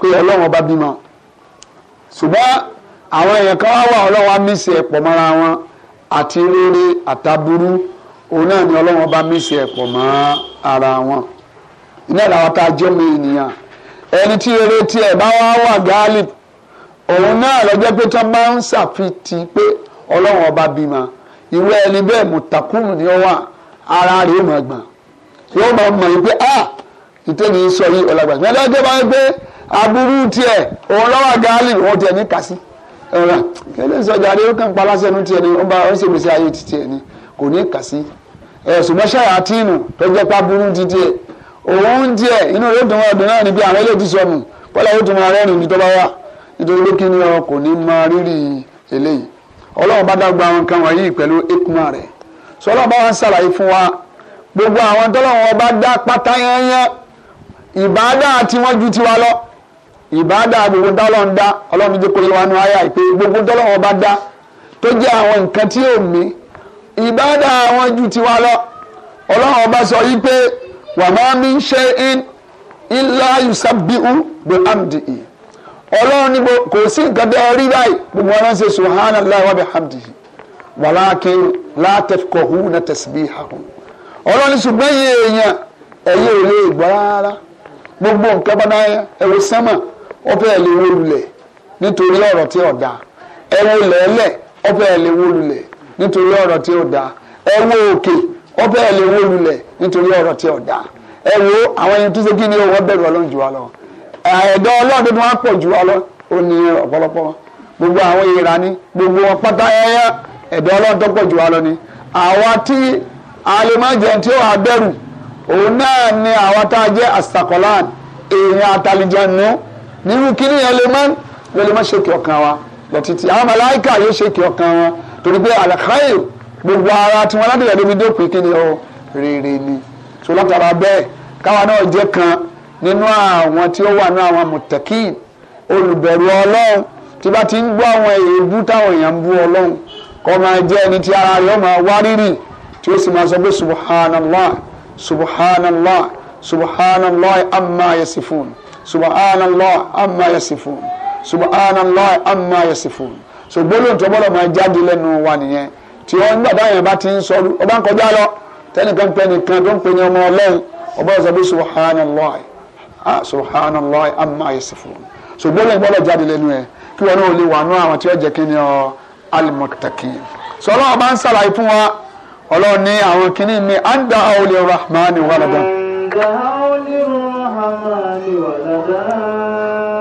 pé ọlọ́run ọba bímọ ṣùgbọ́n àwọn èèyàn kan wá wà ọlọ́run á mísì ẹ̀ pọ̀ mọ́ra wọn àti rere àtàbúrú òun náà ni ọlọ́run ọba mísì ẹ̀ mọ́ ara wọn iná làwọn tá a jẹ́ mi ènìyàn ẹni tí eré tiẹ̀ bá wá wà gáálì òun náà lọ́jọ́ pé tó máa ń ṣàfihàn pé ọlọ́run ọba bímọ irú ẹni bẹ́ẹ̀ mùtàkùn ni ó wà ara rèé mọ̀ gbọ̀n yóò máa mọ̀ yìí ah, a sọ yìí ọ̀làgbàsí wọn dájọ́ bá ń gbé aburú tiẹ òun gaali wọn tiẹ̀ ní kàsí ẹ̀rọ sọjà ni ó kàn pa aláṣẹ nu tiẹ̀ ayé ti tiẹ̀ ni kò ní kàsí ẹ̀sùn tó pa aburú ti òun inú dùn ọdún náà níbi àwọn eléyìí ti sọnù pọ́lá ọ kò ní máa rírì eléyìí ọlọ́run bá dá gba àwọn kan gbogbo àwọn tọ́lọ́wọ́n ọba dá pátá yányán ìbáadá tiwọn ju tiwa lọ ìbáadá gbogbo tọ́lọ́wọ́n dá ọlọ́run jẹ́ kóyọ wánú ayá ìpè gbogbo tọ́lọ́wọ́n ọba dá tó jẹ́ àwọn nǹkan tí ò mí ìbáadá wọn ju tiwa lọ ọlọ́run ọba sọ yìí pé wa ma min shay'in illa yusabbihu bihamdihi ọlọ́run ní kò sí nǹkan tẹ́ ọ rí báyìí gbogbo wọn ṣe subhanallahi wa bihamdihi walakin la tafqahuna tasbihahum ọlọ́ni ṣùgbọ́n yìí èèyàn ẹ̀yẹ ò lè gbọ́ rárá gbogbo nǹkan bádáyà ẹ wo sánmà ó fẹ́ lè wó lulẹ̀ nítorí ọ̀rọ̀ tí ò dáa ẹ lẹ́lẹ̀ ó fẹ́ lè wó lulẹ̀ nítorí ọ̀rọ̀ tí ò wo òkè ó fẹ́ lè wó lulẹ̀ nítorí ọ̀rọ̀ tí ò gbogbo àwọn gbogbo pátá ẹ̀yà ẹ̀dọ́ ọlọ́run tó pọ̀ jù àlèmọ́jẹ tí ó wà bẹ̀rù òun náà ni àwọn tá a jẹ́ àsàkọ́láàn èèyàn àtàlìjànú nínú kíní yẹn lè má lè lè má ṣèkì ọkàn wa lọ títí àwọn màláìkà yóò ṣèkì ọkàn wọn torí pé àlàkáyè gbogbo ara tí wọn ládìyà lómi dópin kíni o rere ni so látara bẹ́ẹ̀ káwa náà jẹ́ kan nínú àwọn tí ó wà ní àwọn mùtẹ́kì olùbẹ̀rù ọlọ́run tí bá ti ń gbọ́ àwọn èébú táwọn èèyàn ń bú ọlọ́run kọ́ máa jẹ́ ẹni tí ara rẹ̀ ó máa tí ó sì máa sọ pé subhanallah subhanallah subhanallah amma yasifun subhanallah amma yasifun subhanallah amma yasifun so gbólóhùn tó gbọ́dọ̀ máa jáde lẹ́nu wa nìyẹn tí wọ́n ń gbàdá yẹn bá ti ń sọ̀rọ̀ ọba ń kọjá lọ tẹnìkan pẹ́ nìkan tó ń pè ní ọmọ ọlọ́run ọba sọ pé subhanallah ah subhanallah amma yasifun so gbólóhùn gbọ́dọ̀ jáde lẹ́nu yẹn kí wọn náà lè wà nú àwọn tí wọ́n jẹ́ kí ni ọ alimọ̀tàkì sọlá ọba ń ṣàlàyé fún wa ọlọ́run ní àwọn kìíní mi anda aoli rahmani walada.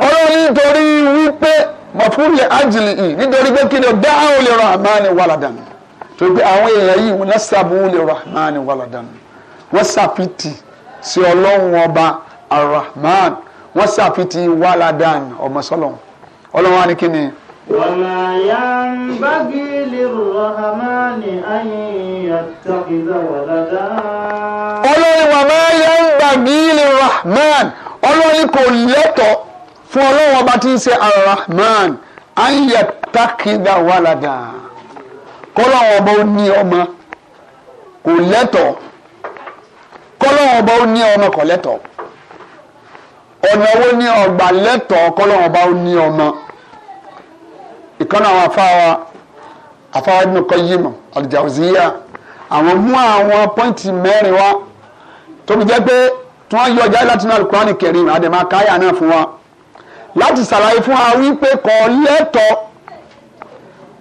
ọlọ́run nítorí wípé mọ̀fúnlẹ̀ ájìlì yìí nítorí pé kí ni dá aoli rahmani walada torí àwọn èèyàn yìí wọ́n sábà aoli rahmani walada wọ́n sàfitì sí ọlọ́run ọba arahman wọ́n sàfitì walada ọmọ sọlọ́run ọlọ́run wa ni kí ni. وما ينبغي للرحمن أن يتخذ ولدا ọlọ́run وما ينبغي للرحمن ọlọ́run kò lẹ́tọ̀ fún ọlọ́run ọba tí ń ṣe arahman an yattakida walada kọ́lọ́run ọba ó ní ọmọ kò lẹ́tọ̀ kọ́lọ́run ọba ó ní ọmọ kò lẹ́tọ̀ ọ̀nà wo ni ọgbà lẹ́tọ̀ kọ́lọ́run ọba ó ní ọmọ ìkànnì àwọn afáwa afáwa Ibn Qayyim al-Jawziyya àwọn mú àwọn pọ́ìntì mẹ́rin wá tóbi jẹ́ pé tí wọ́n yọ jáde láti náà Al-Qur'ani àdèmà káyà náà fún wa láti ṣàlàyé fún wa wípé kò lẹ́tọ̀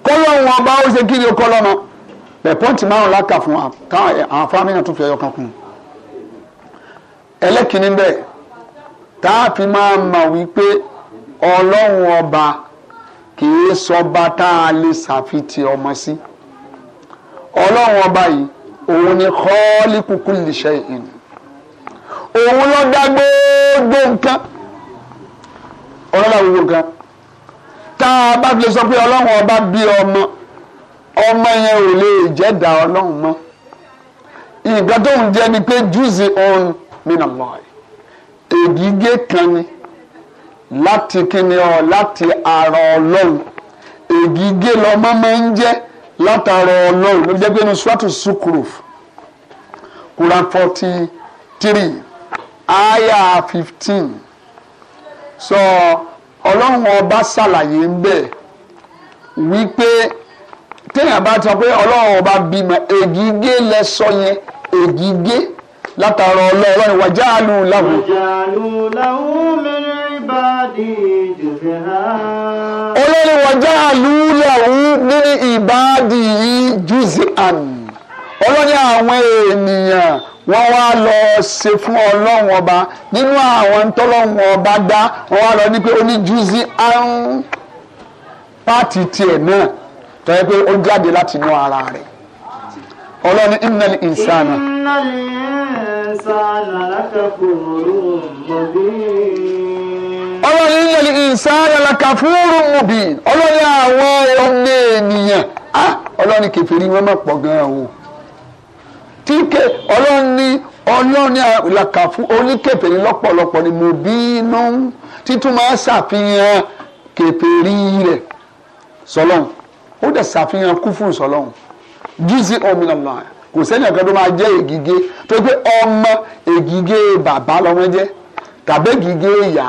kọ́lọ́hún ọba ó ṣe kí ni ó kọ́ lọ́nà bẹ̀ pọ́ǹtì márùn láka fún wa káwọn àwọn mìíràn tún fi ẹyọ kan kún un ẹlẹ́kìnní tá a fi máa mọ̀ wípé ọlọ́hún ọba kì í sọba tá a lè ṣàfitì ọmọ sí ọlọ́run ọba yìí òun ni khaliqu kulli shay'in òun ló dá gbogbo nǹkan ọlọ́dà gbogbo nǹkan tá a bá fi lè sọ pé ọlọ́run ọba bí ọmọ ọmọ yẹn ò lè jẹ́dà ọlọ́run mọ́ nǹkan tóun jẹ́ ni pé júùsì ọ̀hún min Allah ègígé kan ni láti kíni ọ láti ara ọlọ́run ègígé lọmọ máa ń jẹ́ látara ọlọ́run ló jẹ́ pé inú suratu Zukhruf Quran forty three aya fifteen sọ ọlọ́run ọba ṣàlàyé ń bẹ̀ wípé téèyàn bá ti sọ pé ọlọ́run ọba bímọ ègígé lẹ sọ yẹn ègígé látara ọlọ́run wàjálù lahu. wàjálù lahu mẹ́rin. olórí wọjá àlùlọ́hún ní ìbáàdì yìí jùzì àn olórí àwọn ènìyàn wọ́n wá lọ ṣe fún ọlọ́run ọba nínú àwọn tọ́lọ́run ọba dá wọ́n wá lọ ní pé oní ní àn tiẹ̀ náà tó pé ó jáde láti ọlọ́ni ọlọ́run nílẹ̀ ìsáyà làkàfúrú mùbí ọlọ́run àwọn ọmọ ènìyàn ọlọ́run kẹfìrí wọn máa pọ̀ gan-an o tí ké ọlọ́run ní ọlọ́run làkàfú oníkẹfìrí lọ́pọ̀lọpọ̀ ni mùbí inú títún máa ṣàfihàn kẹfìrí rẹ̀ sọlọ́run ó dẹ̀ ṣàfihàn kú fún sọlọ́run jíjí ọmọ náà kò sẹ́ni ọ̀kan tó máa jẹ́ ègige tó gbé ọmọ ègige bàbá lọ́mọ jẹ́ tàbí ègige ìyá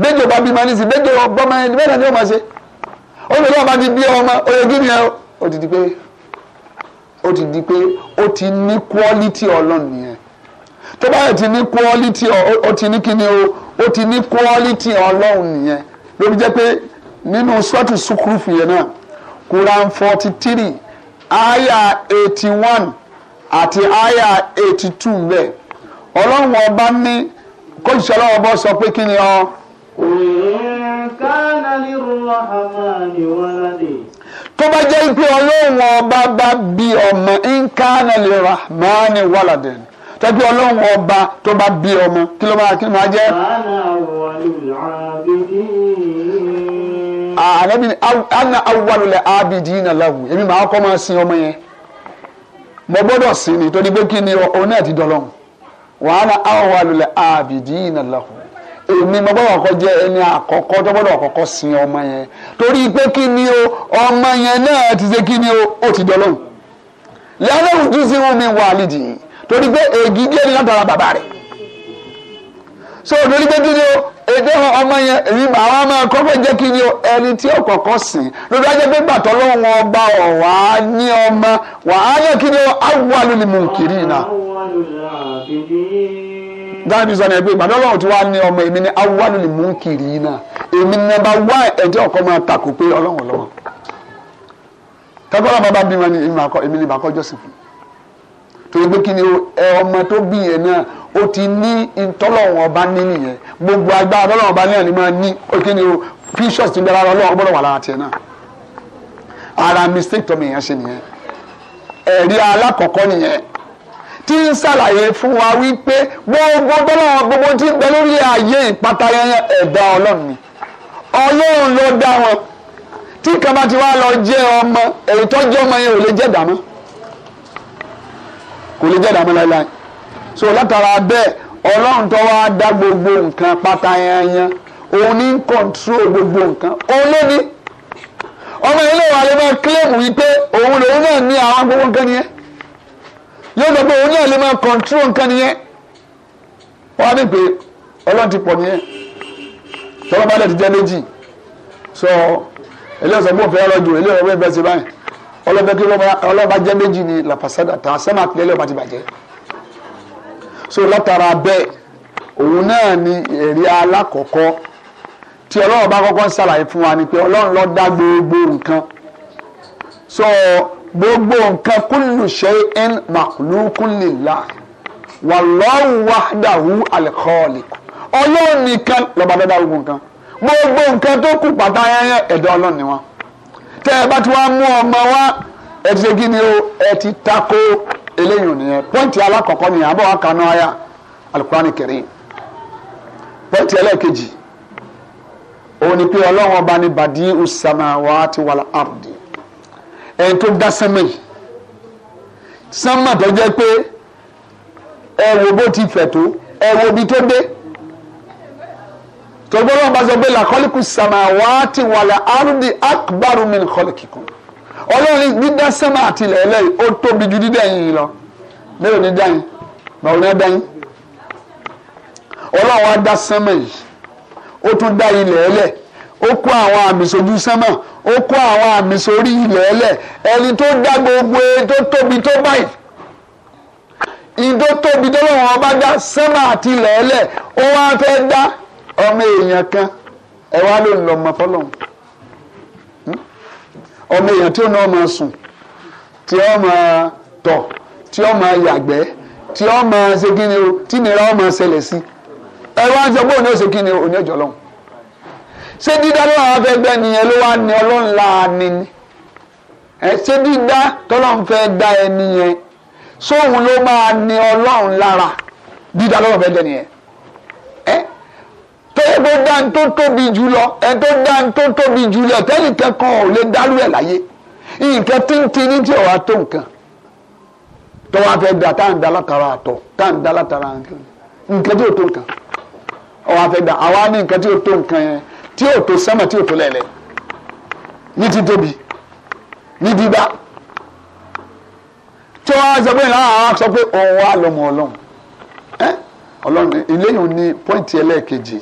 bẹ́jọ bá bímọ ní sí bẹ́jọ bọ́mọ ẹni bẹ́ẹ̀ ni ó ọma ṣe olùdó ọba ti bí ọmọ oyè gíní ẹ ó ti di pé ó ti di pé ó ti ní quality ọlọ́run nìyẹn tó bá yẹ ti ní ti ní kíni o ó ti ní quality ọlọ́run nìyẹn lórí jẹ́ pé nínú sọ́ọ̀tù sukurufu yẹn náà Quran forty three aya eighty one àti aya eighty two bẹ́ẹ̀ ọlọ́run ọba ní ọba sọ pé kíni ọ. tó bá jẹ́ pé ọlọ́run ọba bá bí ọmọ nkánà rahmani waladin tọ́jú ọlọ́run ọba tó bá bí ọmọ kí ló máa kí ló máa jẹ́. ànábì ana awwalul abidina lahu èmi màá kọ́ máa sin ọmọ yẹn mo gbọ́dọ̀ sin ni torí pé kí ni òun náà ti dọ̀lọ́hùn wa ana awwalul abidina èmi mo gbọ́dọ̀ kọ́ jẹ́ ẹni àkọ́kọ́ tó gbọ́dọ̀ kọ́kọ́ sin ọmọ yẹn torí pé kí ni o ọmọ yẹn náà ti ṣe kí ni o ó ti sí wọn mi wà torí pé egige ni látara bàbá so torí pé kí ni o èdè ọmọ yẹn èmi kọ́kọ́ jẹ́ kí ni o ẹni tí ó sìn ọba ní ọmọ wàá yẹ kí ni o dáhùn mi sọ ni ẹgbẹ́ ìgbàdàn ọlọ́run ti wá ní ọmọ èmi ní awúwánu ni mò ń kiri yìí náà èmi nọmba wá ẹ̀jẹ̀ ọkọ máa takò pé ọlọ́run ọlọ́run tọ́kọ́lá bàbá bí wọn ni èmi ni màkọ́ jọ́sìn fún torí pé kí ni ọmọ tó bí yẹn náà ó ti ní ntọ́lọ́wọ̀n ọba ní nìyẹn gbogbo agbára tọ́lọ́wọ̀n ọba náà ni máa ní kí ni o precious ti gbára ọlọ́run gbọ́dọ̀ wà lára tiẹ̀ náà ara mistake tọ́mi yẹn ṣe nìyẹn ẹ̀rí alákọ̀ọ́kọ́ nìyẹn tí ń ṣàlàyé fún wa wípé gbogbo bọ́lọ́wọ́n gbogbo tí ń bẹ lórí ayé ìpàtàyẹ ẹ̀dá ọlọ́run ni ọlọ́run ló dá wọn tí kan bá ti wá lọ jẹ́ ọmọ èyí tó jẹ́ ọmọ yẹn ò lè jẹ́ dàmú kò lè jẹ́ dàmú láéláé so látara bẹ́ẹ̀ ọlọ́run tó wá dá gbogbo nǹkan pátáyányán òun ní kọ̀ǹtró gbogbo nǹkan òun ló ní ọmọ ilé wa lè máa kílèmù wípé òun lòun náà ní àwọn gbogbo nǹkan nìyẹn yóò sọ pé òun náà máa control nǹkan nìyẹn wọ́n á ní pé ọlọ́run ti pọ̀ nìyẹn tọ́lọ́ bá dẹ̀ ti jẹ́ méjì sọ eléyìí sọ pé òfin ọlọ́jù eléyìí bẹ́ẹ̀ ṣe báyìí ọlọ́fẹ́ kí ọlọ́ba jẹ́ méjì ni làfàṣàdà tàn sẹ́mà pé ẹlẹ́yìn ọba ti bàjẹ́ so látara bẹ́ẹ̀ òun náà ni ẹ̀rí alákọ̀ọ́kọ́ tí ọlọ́run bá kọ́kọ́ ń ṣàlàyé fún wa ni pé ọlọ́run ló dá gbogbo nǹkan so gbogbo nǹkan kullu shay'in makhluqun lillah wallahu wahdahu al-khaliq ọlọ́run nìkan lọ́ba dada gbogbo nǹkan gbogbo nǹkan tó kù pátá yẹn ẹ̀dá ọlọ́run ni wọn tẹ́ ẹ bá ti wá mú ọmọ wa ẹ ti ṣe kí ni o ẹ ti tako eléyìí nìyẹn pọ́ǹtì alákọ̀ọ́kọ́ ni àbọ̀ wa kaná aya alukurani karim pọ́ǹtì ẹlẹ́ẹ̀kejì òun ni pé ọlọ́run ọba ni badi usamawati wal ardi ẹni tó dá sánmà yìí sánmà tó jẹ́ pé ẹ wo bó ti fẹ̀ tó ẹ wo ibi tó dé tọgbọ́n náà bá sọ pé làkọ́líkù sàmáwáátì wàlà àrùndì akbaru min kọ́líkìkùn ọlọ́run dídá sẹ́mà àti ilẹ̀ ẹlẹ́yìí ó tóbi ju dídá yìí lọ mélòó ni dá yín báwo ni dá yín ọlọ́run á dá sẹ́mà yìí ó tún dá ilẹ̀ ẹlẹ́ ó kó àwọn àmì sójú sánmà ó kó àwọn àmì sórí ilẹ̀ ẹlẹ̀ ẹni tó dá gbogbo e tó tóbi tó báyìí ìdó tóbi tó lọ́wọ́ ọba dá sánmà àti ilẹ̀ ẹlẹ̀ ó wá fẹ́ dá ọmọ èèyàn kan ẹ wá ló ń lọ ọmọ fọlọ́hún hmm? ọmọ èèyàn tí ó náà máa sùn tí ó máa tọ̀ tí ó máa yàgbẹ́ tí ó máa ṣe ni o tí nira ó máa ṣẹlẹ̀ sí ẹ wá ń sọ pé òní ó ṣe kí ni òní ẹ̀jọ̀ lọ́hùn ṣé dídá ló àwọn fẹ́ gbẹ́ nìyẹn ló wá ní ọlọ́run láàánú ni ẹ ṣé dídá tọ́lọ́run fẹ́ dá ẹ nìyẹn sóhun ló máa ní ọlọ́run lára dídá lọ́rọ̀ fẹ́ gbẹ́ nìyẹn ẹ tọ́yẹ tó dá ní tó tóbi jù lọ ẹ tó dá ní tó tóbi jù lọ tẹ́lẹ̀ kankan ò lè dárú ẹ̀ láyé nǹkan tíntín ní tí ò wá tó nǹkan tó wá fẹ́ da tá à ń da látara àtọ̀ tá à ń da látara nǹkan tí ò tó nǹkan ọ̀ wá fẹ́ da àwa ní nǹkan tí ò tó nǹkan yẹn tí ò tó sánmà tí ò tó lẹ́lẹ̀ ní ti tóbi ní dídá tí wọ́n á sọ pé náà ah, á sọ pé òun wà lọ́mọ ọlọ́run ẹ́ ọlọ́run eléyìí ní pọ́ìntì ẹlẹ́ẹ̀kejì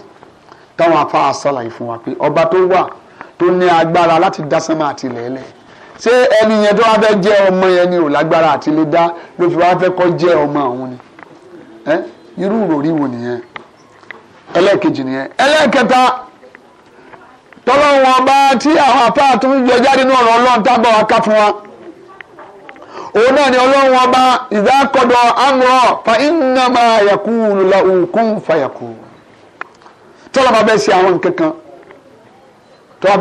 táwọn afáà sàlàyé fún wa pé ọba tó wà tó ní agbára láti dá sánmà àti lẹ́lẹ̀ ṣé ẹni yẹn tó wá fẹ́ jẹ́ ọmọ yẹn ni ò lágbára àti lè dá ló fi wá fẹ́ kọ́ jẹ́ ọmọ òun ni irú ìròrí wo nìyẹn ẹlẹ́ẹ̀kejì nìyẹn ẹlẹ́ẹ̀kẹta tọ́lọ́wọ́n ọba tí àwọn apá tó yọ jáde ní ọ̀rọ̀ ọlọ́run wá ká fún wa òun náà ni ọlọ́run ọba ìdákọ̀dọ̀ fa lọ́la òkun fàyàkú bá bẹ́ẹ̀ ṣe àwọn kan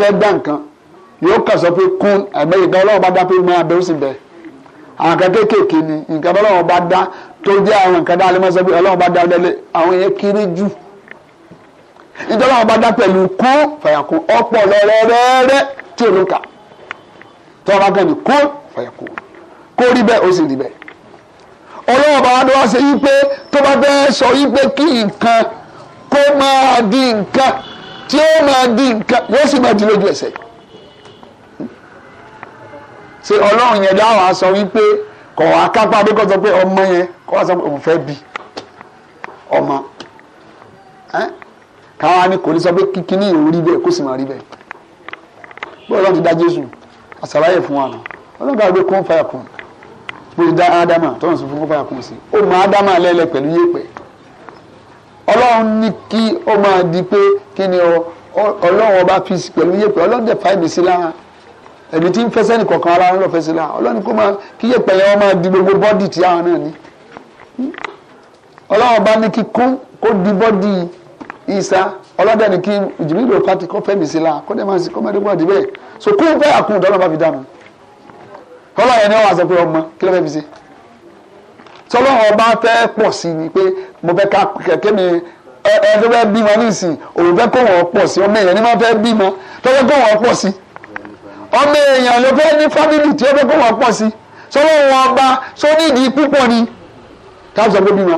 bẹ́ẹ̀ gbá yóò kà sọ pé kún ẹ̀gbẹ́ ìgbà ọlọ́run bá dá pé máa bẹ́ẹ̀ sì bẹ́ẹ̀ àwọn ni ọlọ́run dá tó jẹ́ àwọn dá alẹ́ mọ́ sọ ìjọba àwọn bá dá pẹ̀lú kú fàyàkù ọ̀pọ̀ lọ́rẹ́rẹ́rẹ́ tí o ló kà tí wọ́n bá kàn ní kú fàyàkù kó rí bẹ́ẹ̀ ó sì rí bẹ́ẹ̀. ọlọ́wọ́ bá wá ló wá ṣe yí pé tó bá bẹ́ẹ̀ sọ yí pé kí nǹkan kó máa di nǹkan tí ó máa di nǹkan yóò sì máa di lójú ẹsẹ̀. ṣé ọlọ́run yẹn dáhùn á sọ wípé kọ̀ wá kápá bí kò sọ pé ọmọ yẹn kọ́ wá sọ pé òun fẹ́ bí ọmọ káwa ni kò ní sọ pé kíkíní ìrò rí bẹ́ẹ̀ kó sì máa rí bẹ́ẹ̀ bóyá ọlọ́run ti dá jésù àṣàlàyé fún wa nù ọlọ́run káwọn gbé kún fàyà kún bó ti dá ádámà tọ́nà sí fún fàyà kún sí ó mọ ádámà lẹ́lẹ̀ pẹ̀lú yépẹ̀ ọlọ́run ní kí ó máa di pé kí ni ọlọ́run ọba fi pẹ̀lú yépẹ̀ ọlọ́run dẹ̀ fáìmì sí lára ẹ̀mí tí ń fẹsẹ̀ nìkọ̀ọ̀kan ara ń lọ fẹsẹ̀ lára ọlọ́run kó máa kí yépẹ̀ yẹn máa di gbogbo bọ́dì tí àwọn náà ní ọlọ́run ọba ní kíkún kó di bọ́dì yìí Isa ọlọ́dẹ ni kí Jibril lò pati kọ́ fẹ́mi sí la kó dẹ́ máa sí kó mẹ́tò gbọ́dọ̀ bẹ́ẹ̀ so kó bẹ́ẹ̀ àkùn ìdánwò bá fi dànù tọ́lọ́ yẹn ni wọ́n á sọ pé ọmọ kí ló fẹ́ fi ṣe tọ́lọ́ ọba fẹ́ pọ̀ sí ni pé mo fẹ́ ká kẹ̀kẹ́ mi ẹ ẹ tó fẹ́ bímọ nísìn òun fẹ́ kó wọn pọ̀ sí ọmọ èèyàn ni wọ́n fẹ́ bímọ tó fẹ́ kó wọn pọ̀ sí ọmọ èèyàn ló fẹ́ ní fámìlì tí ó fẹ́ kó wọn pọ̀ sí tọ́lọ́ wọn ọba sónídìí púpọ̀ ni ká sọ pé bímọ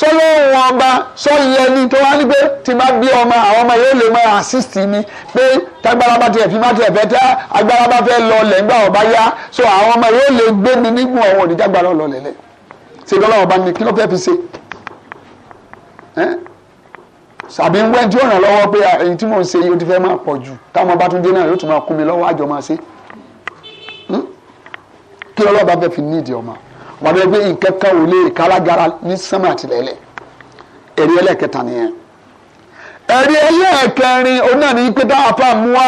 sọlọ́run ọba sọyẹ ni tó wá ní pé tí n bá bí ọmọ àwọn ọmọ yóò lè máa assist mi pé tágbára bá tiẹ̀ fi má tiẹ̀ fẹ́ tá agbára bá fẹ́ lọlẹ̀ nígbà ọba yá so àwọn ọmọ yóò lè gbé mi nígun ọ̀wọ́ òdìjágbára lọlẹ̀ lẹ̀ ṣe lọ́lọ́run ọba ni kí ló fẹ́ fi ṣe sàbí ń wẹ́n tí ó ràn lọ́wọ́ pé èyí tí mò ń ṣe yìí ó ti fẹ́ máa pọ̀ jù táwọn ọba tún dé náà yóò tún máa kún mi lọ́wọ́ àjọ máa ṣe hm? kí lọ́lọ́ba fẹ́ fi níìdì ọmọ wà bẹ́ẹ̀ pé nǹkan kan ò lè kálágara ní sánmà àtìlẹ́lẹ̀ ẹ̀rí ẹlẹ́ẹ̀kẹta nìyẹn ẹ̀rí ẹlẹ́ẹ̀kẹrin òun náà ní pé tá a fà mú wa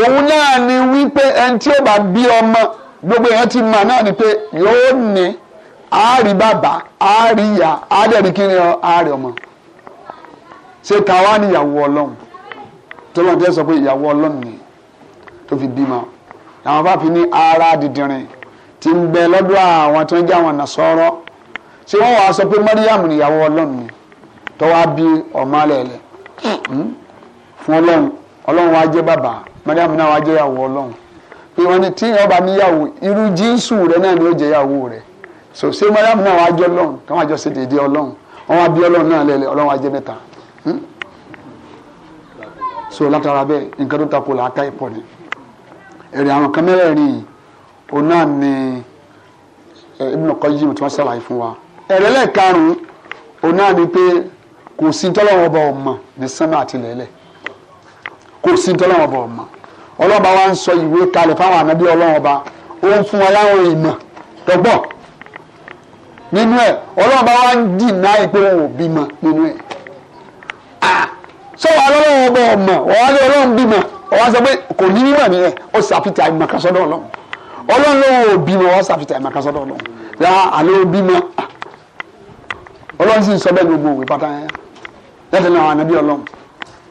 òun náà ní wípé ẹni tí ó bá bí ọmọ gbogbo yẹn ti mà náà ni pé yóò ní àárí bàbá àárí ìyá àádẹ́rì kí ni àárí ọmọ ṣé tàwa ni ìyàwó ọlọ́run tó lọ́n tẹ́ sọ pé ìyàwó ọlọ́run ni tó fi bímọ làwọn bá fi ní ara dìdìrín tí ń bẹ lọ́dọ̀ àwọn tó ń jẹ́ àwọn nàṣọ́rọ́ ṣé wọ́n wàá sọ pé Mariam níyàwó ọlọ́run ni tó wá bí ọmọ alẹ́lẹ̀ hmm? fún ọlọ́run ọlọ́run wá jẹ́ bàbá Mariam náà wá jẹ́ ìyàwó ọlọ́run pé wọ́n ní tí ọba níyàwó irú jínsù rẹ̀ náà ni ó jẹ́ ìyàwó rẹ̀ so ṣé Mariam náà wá jẹ́ ọlọ́run káwọn àjọ ṣe déédéé ọlọ́run wọ́n wá bí ọlọ́run náà lẹ́lẹ̀ ọlọ́run wá jẹ́ mẹ́ta hmm? so látara bẹ́ẹ̀ nǹkan tó takò làákà ìpọ̀ ni èrè àwọn kan mẹ́rẹ̀ẹ̀rin yìí òun náà ni eh, Ibn Qayyim tí wọ́n ṣàlàyé fún wa ẹ̀rẹ́lẹ̀ karùn-ún òun náà ni pé kò sí tọ́lọ́wọ́ bá ọmọ ní sánmà àti lẹ́lẹ̀ kò sí tọ́lọ́wọ́ bá ọmọ ọlọ́ba wa ń sọ ìwé kalẹ̀ fáwọn ànábí ọlọ́wọ́ ba ó ń fún wa láwọn ìmọ̀ tọ́gbọ̀ nínú ẹ̀ ọlọ́ba wa ń dì náà pé wọn ò bímọ nínú ẹ̀ sọ wà lọ́wọ́ ọmọ ọmọ ọ̀hún ọlọ́run bímọ ọ̀hún sọ pé kò ní mímọ̀ nìyẹn ó sì àfitì àìmọ̀kan ọlọ́run ọlọ́run ló wò bímọ wọ́n ṣàfihàn ìmọ̀ kan sọ́dọ̀ ọlọ́run yà àlọ́ bímọ ọlọ́run sì sọ bẹ́ẹ̀ ní gbogbo òwe pátá yẹn lẹ́tọ̀ ní àwọn ànábì ọlọ́run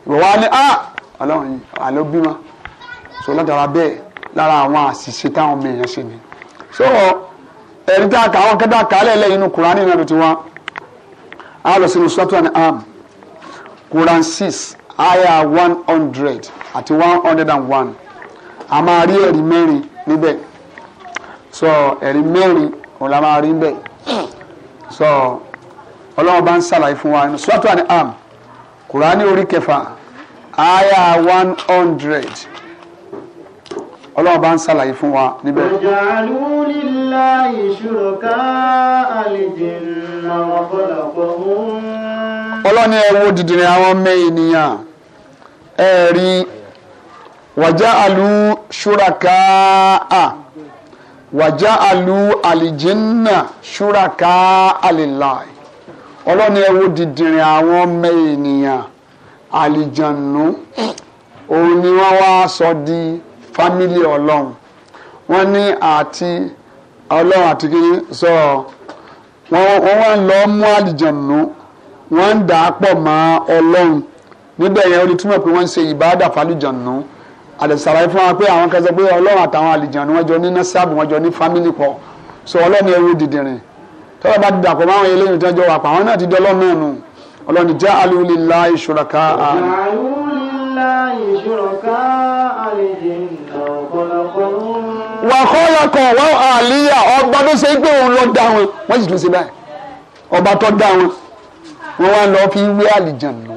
ìwọ wa ni ah ọlọ́run yìí àlọ́ bímọ so látara bẹ́ẹ̀ lára àwọn àṣìṣe táwọn ọmọ èèyàn ṣe ni so ẹ̀rí tá a kà àwọn kẹta kàálẹ̀ lẹ́yìn inú kùránì náà ló ti wá a lọ sínú sọ́tún àni am Quran six aya one hundred àti one hundred and one a máa rí ẹ̀rí mẹ́rin níbẹ̀ sọ ẹ̀rí mẹ́rin òun la máa rí ń bẹ̀ sọ ọlọ́run bá ń ṣàlàyé fún wa nínú sọ́tò àni am kùránì orí kẹfà àyà one hundred ọlọ́run bá ń ṣàlàyé fún wa níbẹ̀. ìjàlú lílá ìṣòro ká àlejò náà ọ̀pọ̀lọpọ̀ òun. ọlọ́ni ẹ wo dìdìrín àwọn ọmọ ènìyàn wàjà àlù ṣúra ká à wàjá alu àlìjínà ṣúraka àlìlà ọlọ́ni ẹ wo dìdìrín àwọn ọmọ ènìyàn àlìjànú òun ni wọ́n wá sọ di fámílì ọlọ́run wọ́n ní àti ọlọ́run àti kí sọ wọ́n wá lọ mú àlìjànú wọ́n ń dà á pọ̀ mọ́ ọlọ́run níbẹ̀ yẹn ó lè túmọ̀ pé wọ́n ń ṣe ìbáàdà fálìjànú àdẹ̀sàlàyé fún wa pé àwọn kan sọ pé ọlọ́run àtàwọn àlìjàn ni wọ́n jọ ní nọ́sàbù wọ́n jọ ní fámìlì pọ̀ so ọlọ́run ẹrú dìdìrìn tọ́lá bá dìdà pọ̀ máwọn eléyìí tó ń jọ wà pa àwọn náà ti dọ́lọ́ náà nù ọlọ́run ìjà alùlílá ìṣúraka àrùn. wà á kọ́ ọkọ̀ wọ́n àlíyà ọba tó ṣe pé òun lọ dá wọn wọ́n sì tún ṣe báyìí ọba tó dá wọn wọ́n wá lọ fi wé àlìjàn lọ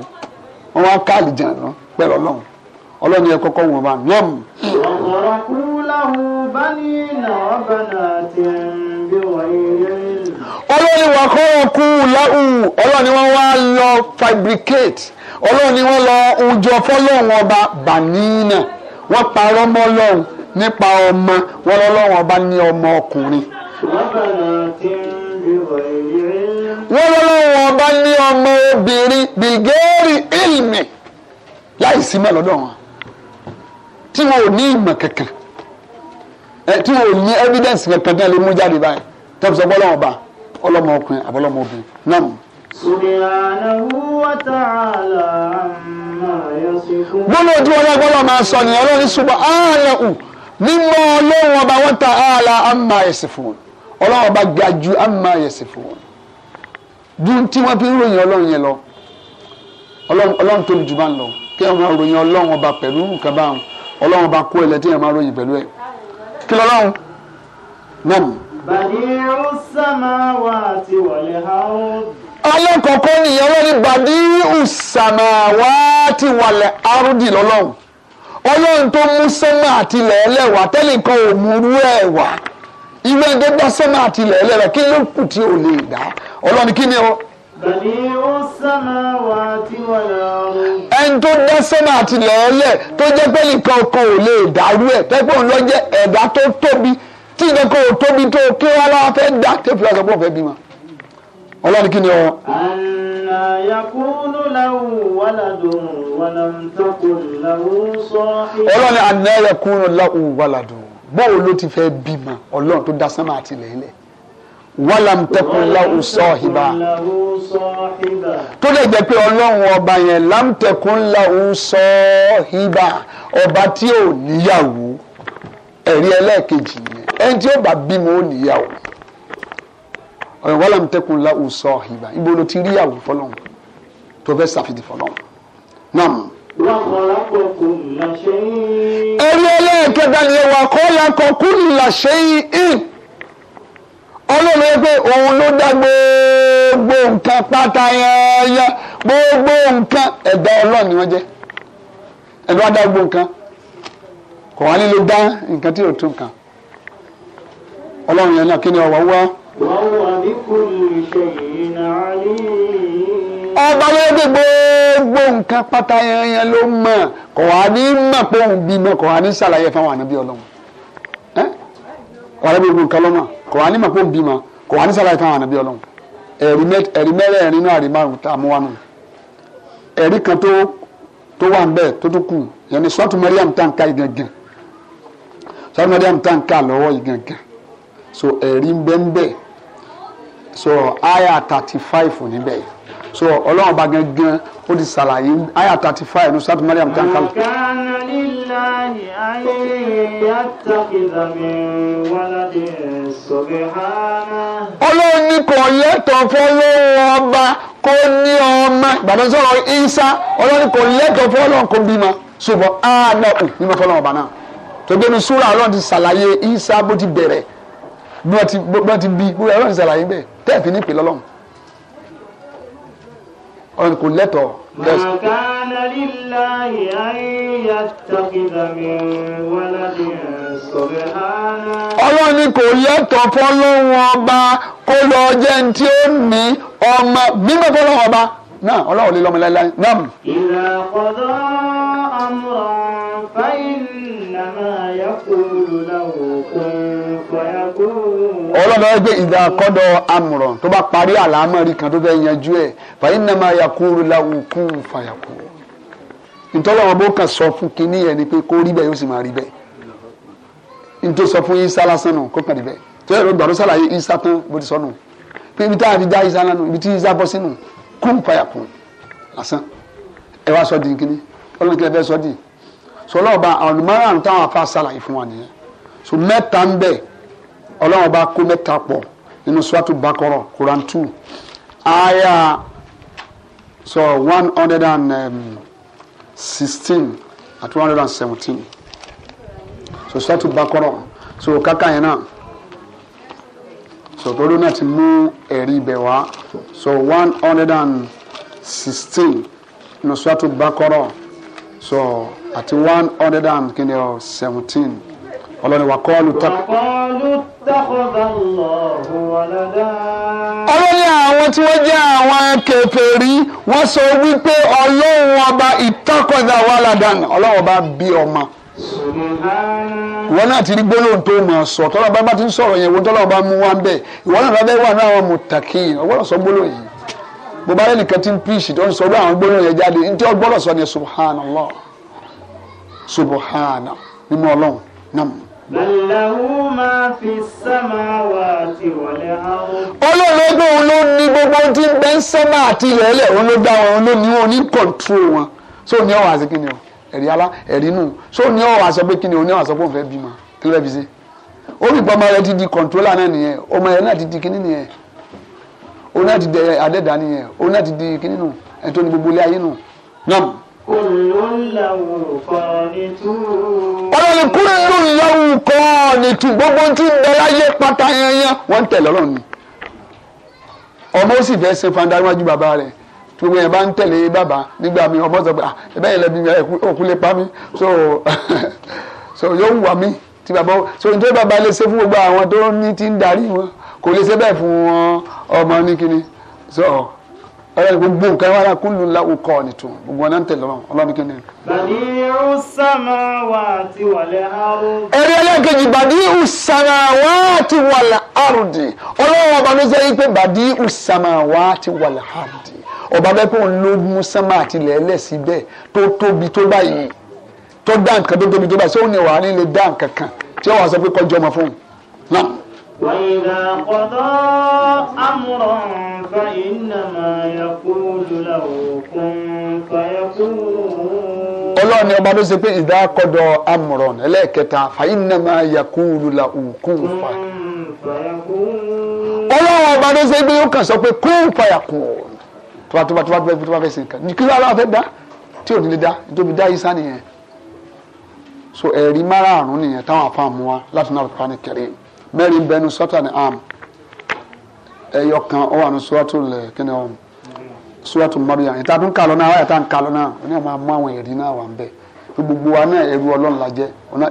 wọ́n wá ká àlìjàn lọ pẹ̀lú ọlọ́run ọlọ́ni ẹ kọ́kọ́ wọn bá nọ́ọ̀mù. ọ̀gọ̀rọ̀ kú láhùn bá ní náà bànà tí ń bí wọ̀nyí ọlọ́ni wà kọ́ ọkú láhùn ọlọ́ni wọ́n wá lọ fabricate ọlọ́ni wọ́n lọ oúnjẹ fọ́lọ́hún ọba bàníínà wọ́n parọ́ mọ́ lọ́hùn nípa ọmọ wọn lọ́lọ́hún ọba ní ọmọ ọkùnrin. wọ́n lọ́lọ́hún ọba ní ọmọ obìnrin bilgeri ilmi láì sí wọn tí wọn ò ní ìmọ̀ kankan tí wọn ò ní evidence kankan náà lè mú jáde báyìí tó fi sọ bọ́ lọ́wọ́ bá ọlọ́mọ ọkùnrin àbọ̀lọ́mọ obìnrin náà. subhanahu wa ta'ala amma yasifun. gbọ́dọ̀ ojú wọn náà gbọ́dọ̀ máa sọ nìyẹn ọlọ́run subhanahu mímọ́ ọlọ́run ọba wa ta'ala amma yasifun ọlọ́run ọba ga ju amma yasifun ju tí wọ́n fi ń ròyìn ọlọ́run yẹn lọ ọlọ́run tóbi jù bá ń lọ kí wọ́n ròyìn ọlọ́run ọba pẹ̀lú nǹkan báwọn ọlọ́run bá kó ẹlẹ́tí yẹn máa ròyìn pẹ̀lú ẹ̀ kí lọ́lọ́run náà mú. badi'u samawati wal ard. alákọ̀ọ́kọ́ nìyẹn wọ́n ní badi'u samawati wal ardi lọ́lọ́run ọlọ́run tó mú sánmà àti lẹ́ẹ̀lẹ́ wá tẹ́lẹ̀ kan ò mú rú ẹ̀ wá ìwé ẹgbẹ́ gbá sánmà àti lẹ́ẹ̀lẹ́ rẹ̀ kí ló kù tí ò lè dá ọlọ́run kí ni ọ ẹni tó dá sọ́mà àti lọ́ọ́lẹ̀ tó jẹ́ pé nìkan kan ò lè dàrú ẹ̀ tẹ́pẹ́ òun lọ jẹ́ ẹ̀dá tó tóbi tí nǹkan kan ò tóbi tó kí wọ́n láwọn fẹ́ dá tẹ́pẹ́ lọ́sọ̀ pé fẹ́ bímọ. ọlọ́run kí ni ọ. àná walam takun lahu sahiba. ọlọ́run àná yakunu lahu waladun bọ́ọ̀ ló ti fẹ́ bímọ ọlọ́run tó dá sọ́mà àti lọ́ọ́lẹ̀ wàlàm tẹkùn láwù sọ́ọ̀hìbà tó lè jẹ́ pé ọlọ́run ọba yẹn lám tẹkùn láwù sọ́ọ̀hìbà ọba tí ò níyàwó ẹ̀rí ẹlẹ́ẹ̀kejì yẹn ẹni tí ó bá bímọ ó níyàwó ọ̀rọ̀ wàlàm tẹkùn láwù sọ́ọ̀hìbà ibo ló ti ríyàwó fọlọ́run tó fẹ́ ṣàfihàn fọlọ́run náà. ẹ̀rí ẹlẹ́ẹ̀kẹta ni wà kọ́ lakọ̀kún làṣẹ́yìn ọlọ́run yẹn pé òun ló dá gbogbo nǹkan pátá yẹn gbogbo nǹkan ẹ̀dá ọlọ́run ni wọ́n jẹ́ ẹ̀dá wa dá gbogbo nǹkan kò wá nílé dá nǹkan tí ò tún kan ọlọ́run yẹn náà kí ni ọ̀wọ́ wá. ọba yẹn pé gbogbo nǹkan pátá yẹn ló mọ̀ kò wá ní mọ̀ pé òun bímọ kò wá ní sàlàyé fáwọn ànábí ọlọ́run ọ̀rẹ́ gbogbo nǹkan lọ́mọ kò wá ní màpọ̀ ń bímọ kò wá ní sàlàyé fáwọn ànábì ọlọ́run ẹ̀rí mẹ́rẹ̀ẹ̀rin náà àrí márùn tá a mú wa nù ẹ̀rí kan tó tó wà ń tó tó kù yẹn ni sọ́ọ̀tù Mariam tá n ká igangan sọ́ọ̀tù Mariam tá n ká lọ́wọ́ igangan so ẹ̀rí ń so aya thirty five níbẹ̀ yìí so ọlọ́run bá gangan ó ti ṣàlàyé àyà thirty five ní sọ́tún mariam ten kan. àkànnà lílàhí ayé yàtàkìlà mi wàlàdé sọ̀rọ̀ hànà. ọlọ́run ní kò lẹ́tọ̀ọ́ fọlọ́run ọba kó ní ọmọ ìgbàdàn sọ̀rọ̀ ìsá ọlọ́run kò lẹ́tọ̀ọ́ fọlọ́run kò bímọ ṣùgbọ́n àádọ́ nínú fọlọ́run ọba náà tó gbẹ́nu súrà ọlọ́run ti ṣàlàyé ìsá bó ti bẹ̀rẹ̀ bí wọ́n ti bí ọlọ́run ti ṣàlàyé bẹ́ẹ̀ tẹ́ẹ̀ fi ní ìpè lọ́lọ́run ọ̀rọ̀ kò lẹ́tọ̀ọ́. màkàna lílàyé ayéyà takìlà mi wàlàdì sọ̀rọ̀ àná. ọlọ́run ni kò lẹ́tọ̀ọ́ fọlọ́run ọba kó lọ jẹ́ ní tí ó ní ọmọ bímọ fọlọ́run ọba náà ọlọ́run lè lọ́mọ láéláé náà. ìlà kọ́dọ̀ àmúrà fáyín nàmá yàkúrú láwùjọ kọ́yàkúrú ọlọ́dọ̀ ẹgbẹ́ ìdá kọ́dọ̀ amúrọ̀ tó bá parí àlámọ́rí kan tó fẹ́ yanjú ẹ̀ fàyín náà máa yakuru láwùn kú fàyàkù nítorí àwọn bó kàn sọ fún kinní yẹn ni pé kó rí bẹ́ẹ̀ yóò sì máa rí bẹ́ẹ̀ nítorí sọ fún isa lásán nù kó kàn rí bẹ́ẹ̀ tó yẹ gbàdúrà sàlàyé isa tán bó ti sọ nù pé ibi tá a fi dá isa lánà ibi tí isa bọ́ sínú kú fàyàkù lásán ẹ wá sọ di kinní ọlọ́run wa nìyẹn so mẹ́ta ń bẹ́ẹ̀ ọlọ́run bá kó mẹ́ta pọ̀ nínú swatu bakọrọ quran two aya so one hundred and um, sixteen at one hundred and seventeen so swatu bakọrọ so kaka yẹn náà so tolu náà ti mú ẹ̀rí ibẹ̀ wá so one hundred and sixteen nínú swatu bakọrọ so àti one hundred and uh, seventeen ọlọ́ni wà kọ́ọ̀lù tọ́kọ̀. ọlọ́ni àwọn tí wọ́n jẹ́ àwọn kèfèrí wọ́n sọ wípé ọlọ́run ọba ìtọ́kọ̀dà wà ládàáni ọlọ́run ọba bí ọmọ. ìwọ́n náà ti rí gbólóhùn tó mọ̀ sọ tọ́lá bá bá ti ń sọ̀rọ̀ yẹn wo tọ́lá bá mú wá ń bẹ̀ ìwọ́n náà bá wà ní àwọn mùtàkì ọgbọ́dọ̀ sọ gbólóhùn yìí bó bá yẹn nìkan ti ń píìsì tó ń sọ bí àwọn gbólóhùn yẹn jáde ní tí wọ́n sọ ni subhanallah subhanallah mímọ́ ọlọ́run náà. Bal lahu ma samawati wal ard. ọlọ́lọ́gbọ́n òun ló ní gbogbo tí ń bẹ́ ń sẹ́mà àti ilẹ̀ ẹlẹ̀ òun ló dá wọn òun ló ní wọn ní kọ̀ǹtró wọn so ní ọ̀wà sí kíni o ẹ̀rí alá ẹ̀rí nù so ní ọ̀wà sọ pé kíni o ní ọ̀wà sọ pé òun fẹ́ bímọ kí ló fi ṣe ó rí pọ́nmọ́ rẹ ti di kọ̀ǹtrólà náà nìyẹn ọmọ rẹ náà ti di kíní nìyẹn òun náà ti dẹ adẹ́dá nìyẹn òun náà ti di kíní nù ẹ̀ ni ní gbogbo ilé ayé nù náà ọlọ́run kúrò lọ́wọ́ kọ́ nìtú gbogbo tí ń bẹ láyé pátá yanyan wọ́n ń tẹ̀lé ọlọ́run ni ọmọ ó sì fẹ́ ṣe fanda níwájú bàbá rẹ̀ tí gbogbo yẹn bá ń tẹ̀lé bàbá nígbà mi ọmọ sọ pé ah ẹ̀bẹ́ yẹn lẹ́bi òkú lè pa mí so [laughs] so yóò wà mí tí bàbá so nítorí bàbá lè ṣe fún gbogbo àwọn tó ní ti ń darí wọn kò lè ṣe bẹ́ẹ̀ fún ọmọ ní kíni so ọlọ́run gbogbo nǹkan wàrà kúlù láwù kọ́ ni tún gbogbo ọ̀nà ń tẹ̀lé wọn ọlọ́run kí ni. bàdíhù samawati wal ardi. ẹ̀rí ẹlẹ́kejì bàdíhù samawati wal ardi ọlọ́run ọba ló sọ pé bàdíhù samawati wal ardi ọba bẹ́ẹ̀ pé òun ló mú sánmà àti lẹ́lẹ̀ síbẹ̀ tó tóbi tó báyìí tó dá nǹkan tó tóbi tó báyìí sóun ni wàá nílé dá nǹkan kan tí ó wàá sọ pé kọjọ́ ọmọ fóun náà. وإذا قضى أمرا فإنما يقول له كن فيكون ọlọ́ọ̀ni ọba ló ṣe pé ìdákọ̀dọ̀ amọ̀ràn ẹlẹ́ẹ̀kẹta fàyínàmá yakúrú la òkun fa. ọlọ́wọ́ ọba ló ṣe pé ó kàn sọ pé kún fàyàkùn tubatuba tubatuba tubatuba fẹsẹ̀ nǹkan ní kíló aláwọ̀ fẹ́ dá tí ò ní lè dá nítorí dá yìí sá so ẹ̀rí márààrún nìyẹn táwọn afáàmù wa láti náà kọ́ ni kẹrin mẹ́rin bẹnu sọ́tà ní am ẹ̀yọ kan ó wà ní sọ́tò lẹ̀ kíni ọ̀hún sọ́tò mọ́ríyà ìta tó ń kà lọ́nà àwọn ìta ń kà lọ́nà ó ní àwọn amú àwọn ẹ̀rí náà wà ń gbogbo wa náà ẹ̀rú ọlọ́run la jẹ́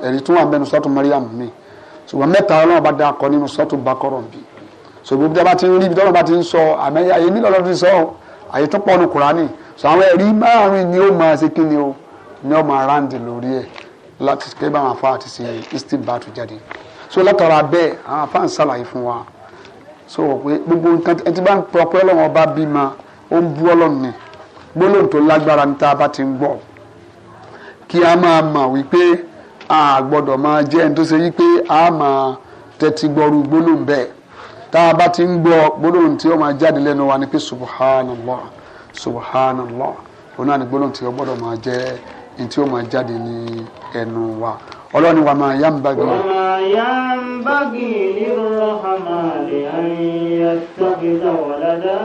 ẹ̀rí wà ń bẹnu sọ́tò mọ́ríyà mi ṣùgbọ́n mẹ́ta ọlọ́run bá dá akọ nínú sọ́tò bákọ́rọ̀ bí ṣùgbọ́n bí a bá ti ń rí ibi tọ́lọ́ bá ti ń sọ àmì ayé nílò ọlọ́run ti sọ àyè tó pọ̀ ní kùránì sọ àwọn ẹ̀rí márùn ni ó máa ṣe kí o ni ó máa ráǹdì lórí ẹ̀ láti kébà àwọn afá àti ṣe istibatu jáde so látara bẹ́ẹ̀ àwọn afáàn ṣàlàyé fún wa so pé gbogbo nǹkan ẹ ti bá ń pọ pé ọlọ́run ọba bí ma ó ń bú ọlọ́run ni gbólóhùn tó lágbára ní tá a bá ti ń gbọ́ kí a máa mọ̀ wípé a gbọ́dọ̀ máa jẹ́ ẹni tó ṣe wípé a máa tẹ́tí gbọ́rú gbólóhùn bẹ́ẹ̀ tá a bá ti ń gbọ́ gbólóhùn tí ó máa jáde lẹ́nu wa ni pé subhanallah subhanallah òun náà ni gbólóhùn tí ó gbọ́dọ̀ máa jẹ́ ẹni tí ó máa jáde ní ẹnu wa ọlọ́ni wa máa yá ń bá gbé. wàá yá ń bá gbé nírọ̀ àmàlẹ́ ayé tọ́gídà wàládá.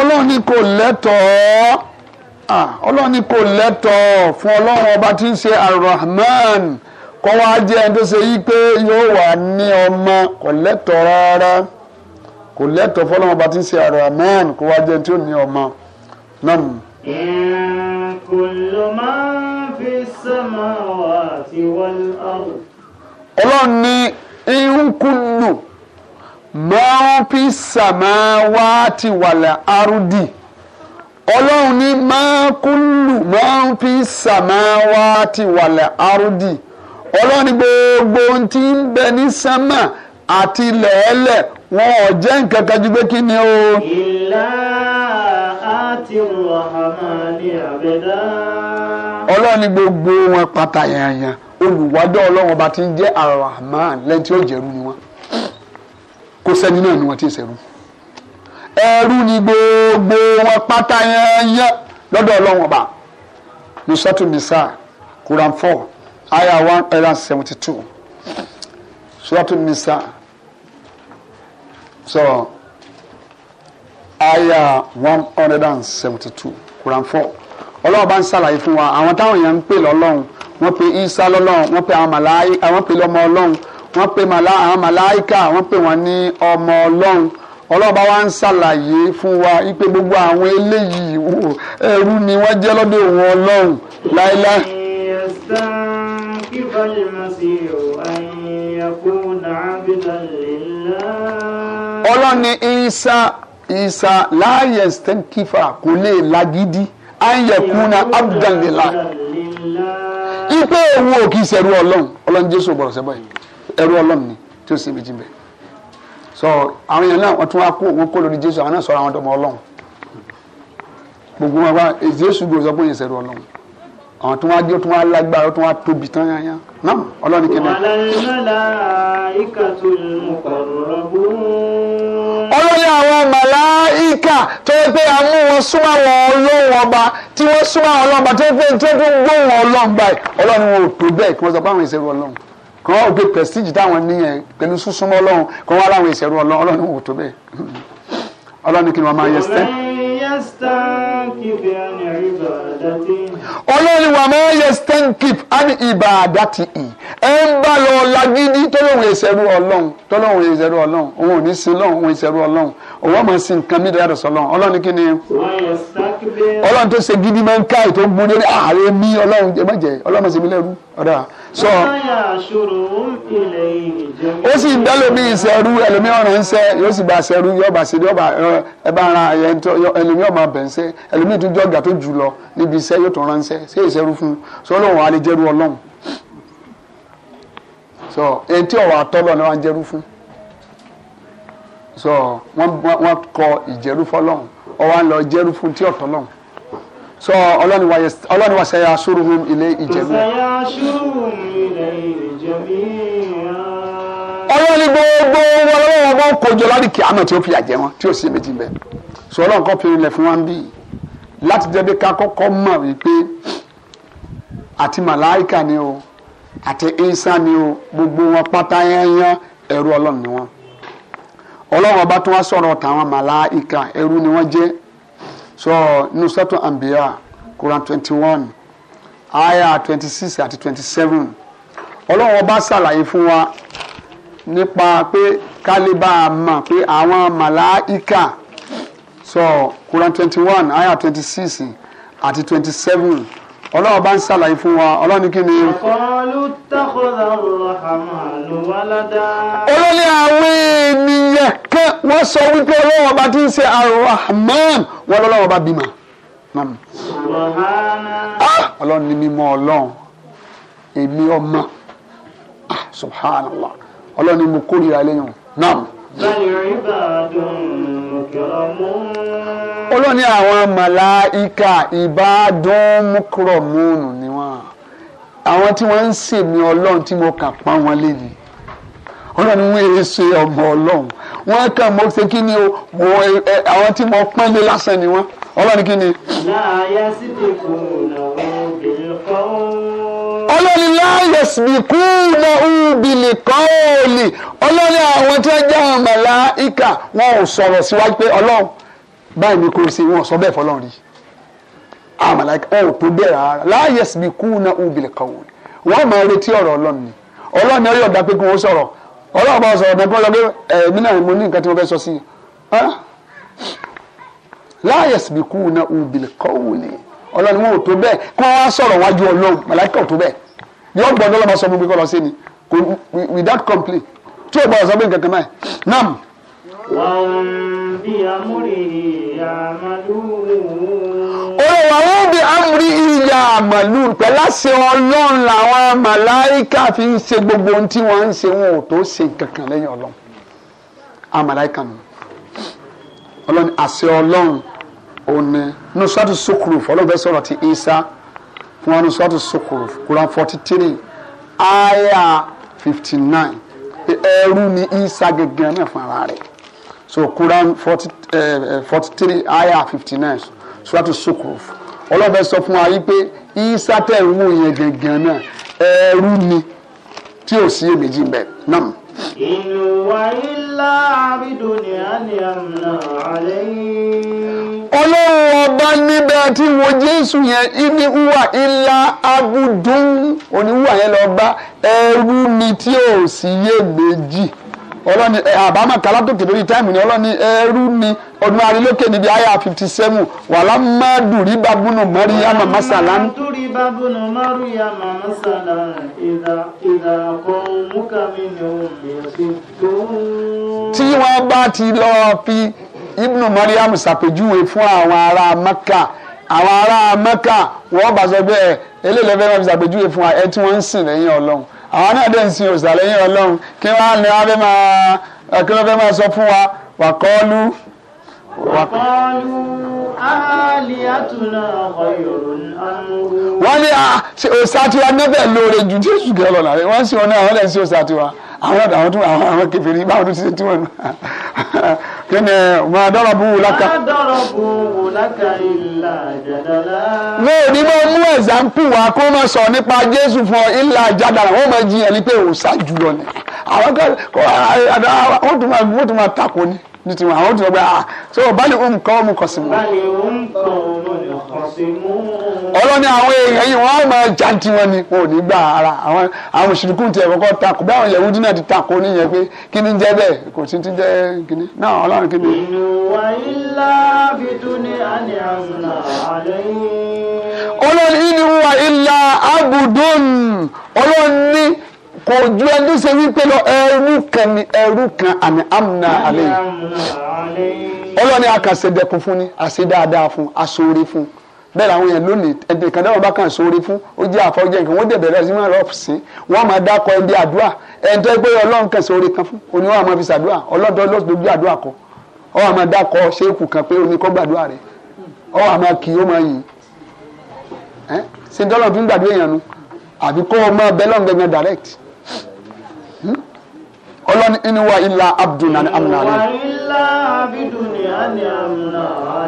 ọlọ́ni kò lẹ́tọ̀ọ́ ọlọ́ni kò lẹ́tọ̀ọ́ fún ọlọ́run ọba tí ń ṣe arahman kọ́ wá jẹ́ ẹni tó ṣe yí pé yóò wà ní ọmọ kò lẹ́tọ̀ọ́ rárá kò lẹ́tọ̀ọ́ fọlọ́run ọba tí ń ṣe arahman kó wá jẹ́ ẹni tó ní ọmọ náà ọlọ́run ní ìhùnkùnù máa ń fi sàmáwáàtì wàlà àrùdì ọlọ́run ní máa kúlù máa ń fi sàmáwáàtì wàlà àrùdì ọlọ́run ní gbogbo ohun tí ń bẹ ní sánmà àti lẹ́ẹ̀lẹ̀ wọn ò jẹ́ nǹkan kan ju pé kí ni o. ìlànà ọlọ́run ní gbogbo wọn pátá yanyan olùwádọ́ ọlọ́run ọba tí ń jẹ́ arahman lẹ́yìn tí ó jẹ́rú ni wọ́n kó sẹ́ni náà ni wọ́n ti ṣẹ̀rú ẹrú ni gbogbo wọn pátá yanyan lọ́dọ̀ ọlọ́run ọba nusatu nisa Quran four ayah one hundred seventy two suratu nisa sọ̀rọ̀. So, aya one hundred and seventy two Quran four ọlọ́run bá ń ṣàlàyé fún wa àwọn táwọn èèyàn ń pè lọ́lọ́run wọ́n pe isa lọ́lọ́run wọ́n pe àwọn màláì àwọn pe lọ́mọ ọlọ́run wọ́n pe àwọn màláìka wọ́n pe wọ́n ní ọmọ ọlọ́run ọlọ́run bá wa ń ṣàlàyé fún wa wípé gbogbo àwọn eléyìí ẹrú ni wọ́n jẹ́ lọ́dọ̀ òun ọlọ́run láéláé. ọlọ́ni isa Isa, láàyè stẹ́ńkìfà kò lè lagídí ayẹ̀kúnna abdalila ipe ewu òkì ìṣẹ̀rú ọlọ́run ọlọ́run jésù bọ̀rọ̀ sẹ́bọ̀ yìí ẹ̀rú ọlọ́run ni tí ó sì méjì bẹ́ẹ̀ so àwọn èèyàn náà wọ́n tún wá kó wọn kó lórí jésù àwọn náà sọ̀rọ̀ àwọn ọmọ ọlọ́run gbogbo wọn wá jésù gbòòrò sọ pé òun ìṣẹ̀rú ọlọ́run àwọn tó wá dé tó wá lágbára tó wá tóbi tán yányá náà ọlọ́run kẹ́ni. wàhálà ìmọ̀lá ìkàtúntò mọ̀kànlọ́gbọ̀n ṣíríkà tó yẹ pé a mú wọn súnmọ́ àwọn ọlọ́run ọba tí wọ́n súnmọ́ àwọn ọlọ́run ọba tó yẹ pé tó tún gbóhùn ọlọ́run báyìí ọlọ́run wọn ò tó bẹ́ẹ̀ kí wọ́n sọ pé àwọn ìṣerú ọlọ́run kí wọ́n gbé prestige táwọn níyẹn pẹ̀lú súnmọ́ ọlọ́run kí wọ́n wá láwọn ìṣerú ọlọ́run wọn ò tó bẹ́ẹ̀ ọlọ́run kí wọ́n máa yẹ olórí wa máa yẹ stenkip ani ibà àdàtì ì ẹ ń bá lọ lagídí tọ́lọ́hún ìṣẹ̀rú ọlọ́run tọ́lọ́hún ìṣẹ̀rú ọlọ́run òun ò ní sin lọ́hún òun ìṣẹ̀rú ọlọ́run òun ọmọ sí nǹkan mí dáyàtọ̀ sọlọ́run ọlọ́run kí ni ọlọ́run tó ṣe gidi máa ń ká ètò gbúdé ní ààrẹ mi ọlọ́run ẹ má ọlọ́run sì mí lẹ́rú ọ̀dà sọ. ó sì ń dẹ́lómi ìṣẹ́rú ẹlòmí ọ̀ràn ń ṣe yóò sì bá ṣẹ́rú yóò bá ṣe yóò bá ẹ bá ara ẹlòmí ọ̀mà bẹ̀ǹṣẹ́ ẹlòmí tó jọ ọ̀gá tó jù lọ níbi iṣẹ́ yóò tó ránṣẹ́ ṣé ìṣẹ́rú fún un sọ lóun á lè jẹ́rú ọlọ́run sọ etí ọ̀wà tọ́lọ̀ ni wọ́n jẹ́rú fún sọ wọ́n kọ ìjẹ́rú fọlọ́run ọwọ́ à ń lọ jẹ́rú fún tí ọ̀tọ́lọ́run so ọlọ́ni wa ṣe aṣúrùhùn ilé ìjẹ̀mí. ọlọ́ni gbogbo ọlọ́wọ́ wọn kojú lórí kìámọ̀ tí ó fi àjẹ́ wọn tí ó sì méjì bẹ́ẹ̀ so ọlọ́run kan fi rinlẹ̀ fún wa ń láti jẹ́ bí mọ̀ wípé àti màláìkà ni o àti ni o gbogbo wọn pátá yányán so nínú sọ́tún Quran twenty one aya twenty six àti twenty seven ọlọ́run ọba ṣàlàyé fún wa nípa pé kálíbà mọ̀ pé àwọn màláìkà sọ Quran twenty one aya twenty six àti twenty seven ọlọ́run bá ń ṣàlàyé fún wa ọlọ́run ní kí ni. ọ̀kọ́lù rahman wàládà. olórí àwọn ènìyàn kẹ́ wọ́n sọ wípé ọlọ́run bá ti ń ṣe arahman wọ́n lọ́lọ́run bá bímọ. Ah! ọlọ́run ní mímọ́ ọlọ́run èmi ọmọ ah! subhanallah ọlọ́run mo kórìíra lẹ́yìn náà. bẹ́ẹ̀ ni ìbàdàn kẹrọ mú olóòní àwọn màláìka ìbádùn mùkúrọ̀mùnù ni wọ́n àwọn tí wọ́n ń sèmi ọlọ́run tí mo kà pa wọn lé ni ọlọ́run wọ́n èrè ṣe ọmọ ọlọ́run wọ́n kà mọ́ ṣe kí ni o mo àwọn tí mo pọ́n lé lásán ni wọ́n ọlọ́run kí ni. láàyè síbi kùn náà obìnrin kan ọlọ́ni láàyè síbìkú na ubìlì kan òòlì ọlọ́ni àwọn tí wọ́n jẹ́ àwọn màláìka wọn ò sọ̀rọ̀ síwájú pé ọlọ́run báyìí ni kò ṣe wọn sọ bẹ́ẹ̀ fọlọ́run rí àwọn ah, màláíkà ẹ ò tó bẹ́ẹ̀ rárá láàyè síbi kú na ubil kọ̀wé wọ́n máa retí ọ̀rọ̀ ọlọ́run ni ọlọ́run ni ọyọ̀ dápé kí wọ́n sọ̀rọ̀ ọlọ́run bá sọ̀rọ̀ bẹ́ẹ̀ kọ́ sọ pé ẹ̀mí náà mo ní nǹkan tí mo fẹ́ sọ sí i ah. láàyè síbi kú na ubil kọ̀wé ọlọ́run wọn ò tó bẹ́ẹ̀ kí wọ́n wá sọ̀rọ̀ wájú ọlọ́run màláíkà ò tó bẹ́ẹ̀ yọ gbọ́dọ̀ lọ́mọ sọ fún mi kọ́ without complaint tí o bá ọ̀sán bí nǹkan kan náà nam olùwà wọn bí amúrí ìyá àmàlù pẹ̀láṣẹ ọlọ́run làwọn màláìka fi ń ṣe gbogbo ohun tí wọ́n ń ṣe wọn ò tó ṣe kankan lẹ́yìn ọlọ́run àmàláìka nù ọlọ́run àṣẹ ọlọ́run òní nusratu sukuru ọlọ́run fẹ́ sọ̀rọ̀ ti isa fún wa nusratu sukuru Quran forty three aya fifty nine ẹrú ni isa gẹ́gẹ́ náà fún ara rẹ̀ so Quran forty eh, eh, forty three ayah fifty nine suratu Zukhruf ọlọ́fẹ́ sọ fún wa yìí pé isa tẹ̀ ń wò yẹn gangan náà ẹrú ni tí ò sí èméjì ń bẹ̀ náà. ìwà ilá àbídò ni a ní àmà àlẹ́ yìí. ọlọ́run ọba níbẹ̀ tí wo jésù yẹn ibi wà ilá abudun oníwà yẹn lọ bá ẹrú ni tí ò sí èméjì ọlọ́ni eh, àbámọ̀ kálátókè lórí táìmù ni ọlọ́ni ẹrú ni ọdún arílókè níbi àyà fifty seven wàhálà mádùn rí babúnú mọ́ríyàmà masàlá. torí babúnú mọ́ríyàmà masàlá ìdá ìdá kan mú kàmí ni òun yẹ sí tó. tí wọ́n bá ti lọ fi ibnu mariam ṣàpèjúwe fún àwọn ará maka àwọn ará maka wọ́n bá sọ bẹ́ẹ̀ eléyìí lọ́fẹ́ fi ṣàpèjúwe fún ẹ tí wọ́n ń sìn lẹ́yìn ọlọ́run àwọn náà dẹ̀ ń sin òòsà lẹ́yìn ọlọ́run kí wọ́n á ní abẹ́ fẹ́ máa sọ fún wa wàkọ́ọ́lù wọ́n ní òsàtiwa níbẹ̀ lóore ju jésù kẹ́ lọ láàrin wọ́n sì wọn náà wọ́n lẹ̀ sí òsàtiwa àwọn ọ̀dà àwọn tún àwọn àwọn kẹfìrí báwọn tún ti ṣe tiwọn nù [laughs] kí ni mà á dọ́rọ̀ bú wùlákà. mà á dọ́rọ̀ bú wùlákà ìlà jàdàlá. ní mo mú ẹ̀sánpù wa kó má sọ nípa jésù fún ọ ìlà jàdàlá wọ́n máa jiyàn ní pé òòsà jùlọ ni àwọn kan wọ́n tún máa takò ni ní tiwọn àwọn ò tún sọ ah so báyìí ó ń kọ́ ọmú kọ̀ sí mu. ọlọ́ni àwọn èèyàn yìí wọ́n máa já tiwọn ni wọn ò ní gbà ara àwọn àwọn mùsùlùkù tiẹ̀ kọ́kọ́ takò bí àwọn Yẹhudi náà ti takò níyẹn pé kí ni jẹ́ bẹ́ẹ̀ kò sí ti jẹ́ kí náà ọlọ́run kí ni. ìnùwà ilá bìtúni àní àmúna àlẹ́ yìí. ọlọ́ni ìnùwà ilá abùdùn ọlọ́ni kò ju ẹni tó ṣe wípé lọ ẹrú kan ni ẹrú kan àmì amúna àlẹ́ yìí ọlọ́ni àkànṣedẹ̀kùn fún ni àṣedáadáa fún aṣoore fún bẹ́ẹ̀ làwọn yẹn lónìí ẹ̀dẹ̀ kan dáwọn bá kàn sóore fún ó jẹ́ àfọ́jẹ́ nǹkan wọ́n dẹ̀bẹ̀rẹ̀ sí máa rọ́ọ̀fù sí wọ́n máa dákọ̀ ẹbí àdúrà ẹni tó gbé ọlọ́run kan sóore kan fún òní wọn máa fi sàdúrà ọlọ́dọ̀ lójú àdúrà kọ ọwọ́ máa dákọ̀ ṣéèkù kan pé òní kọ́ gbàdúrà rẹ̀ ọwọ́ máa kì í ó máa yìn ṣé dọ́lọ́ fi ń gbàdúrà èèyàn nu àbí kó o máa bẹ́ lọ́ngbẹ̀gbẹ̀ direct ọlọ́ni inú wa ilà abdul ní amúnà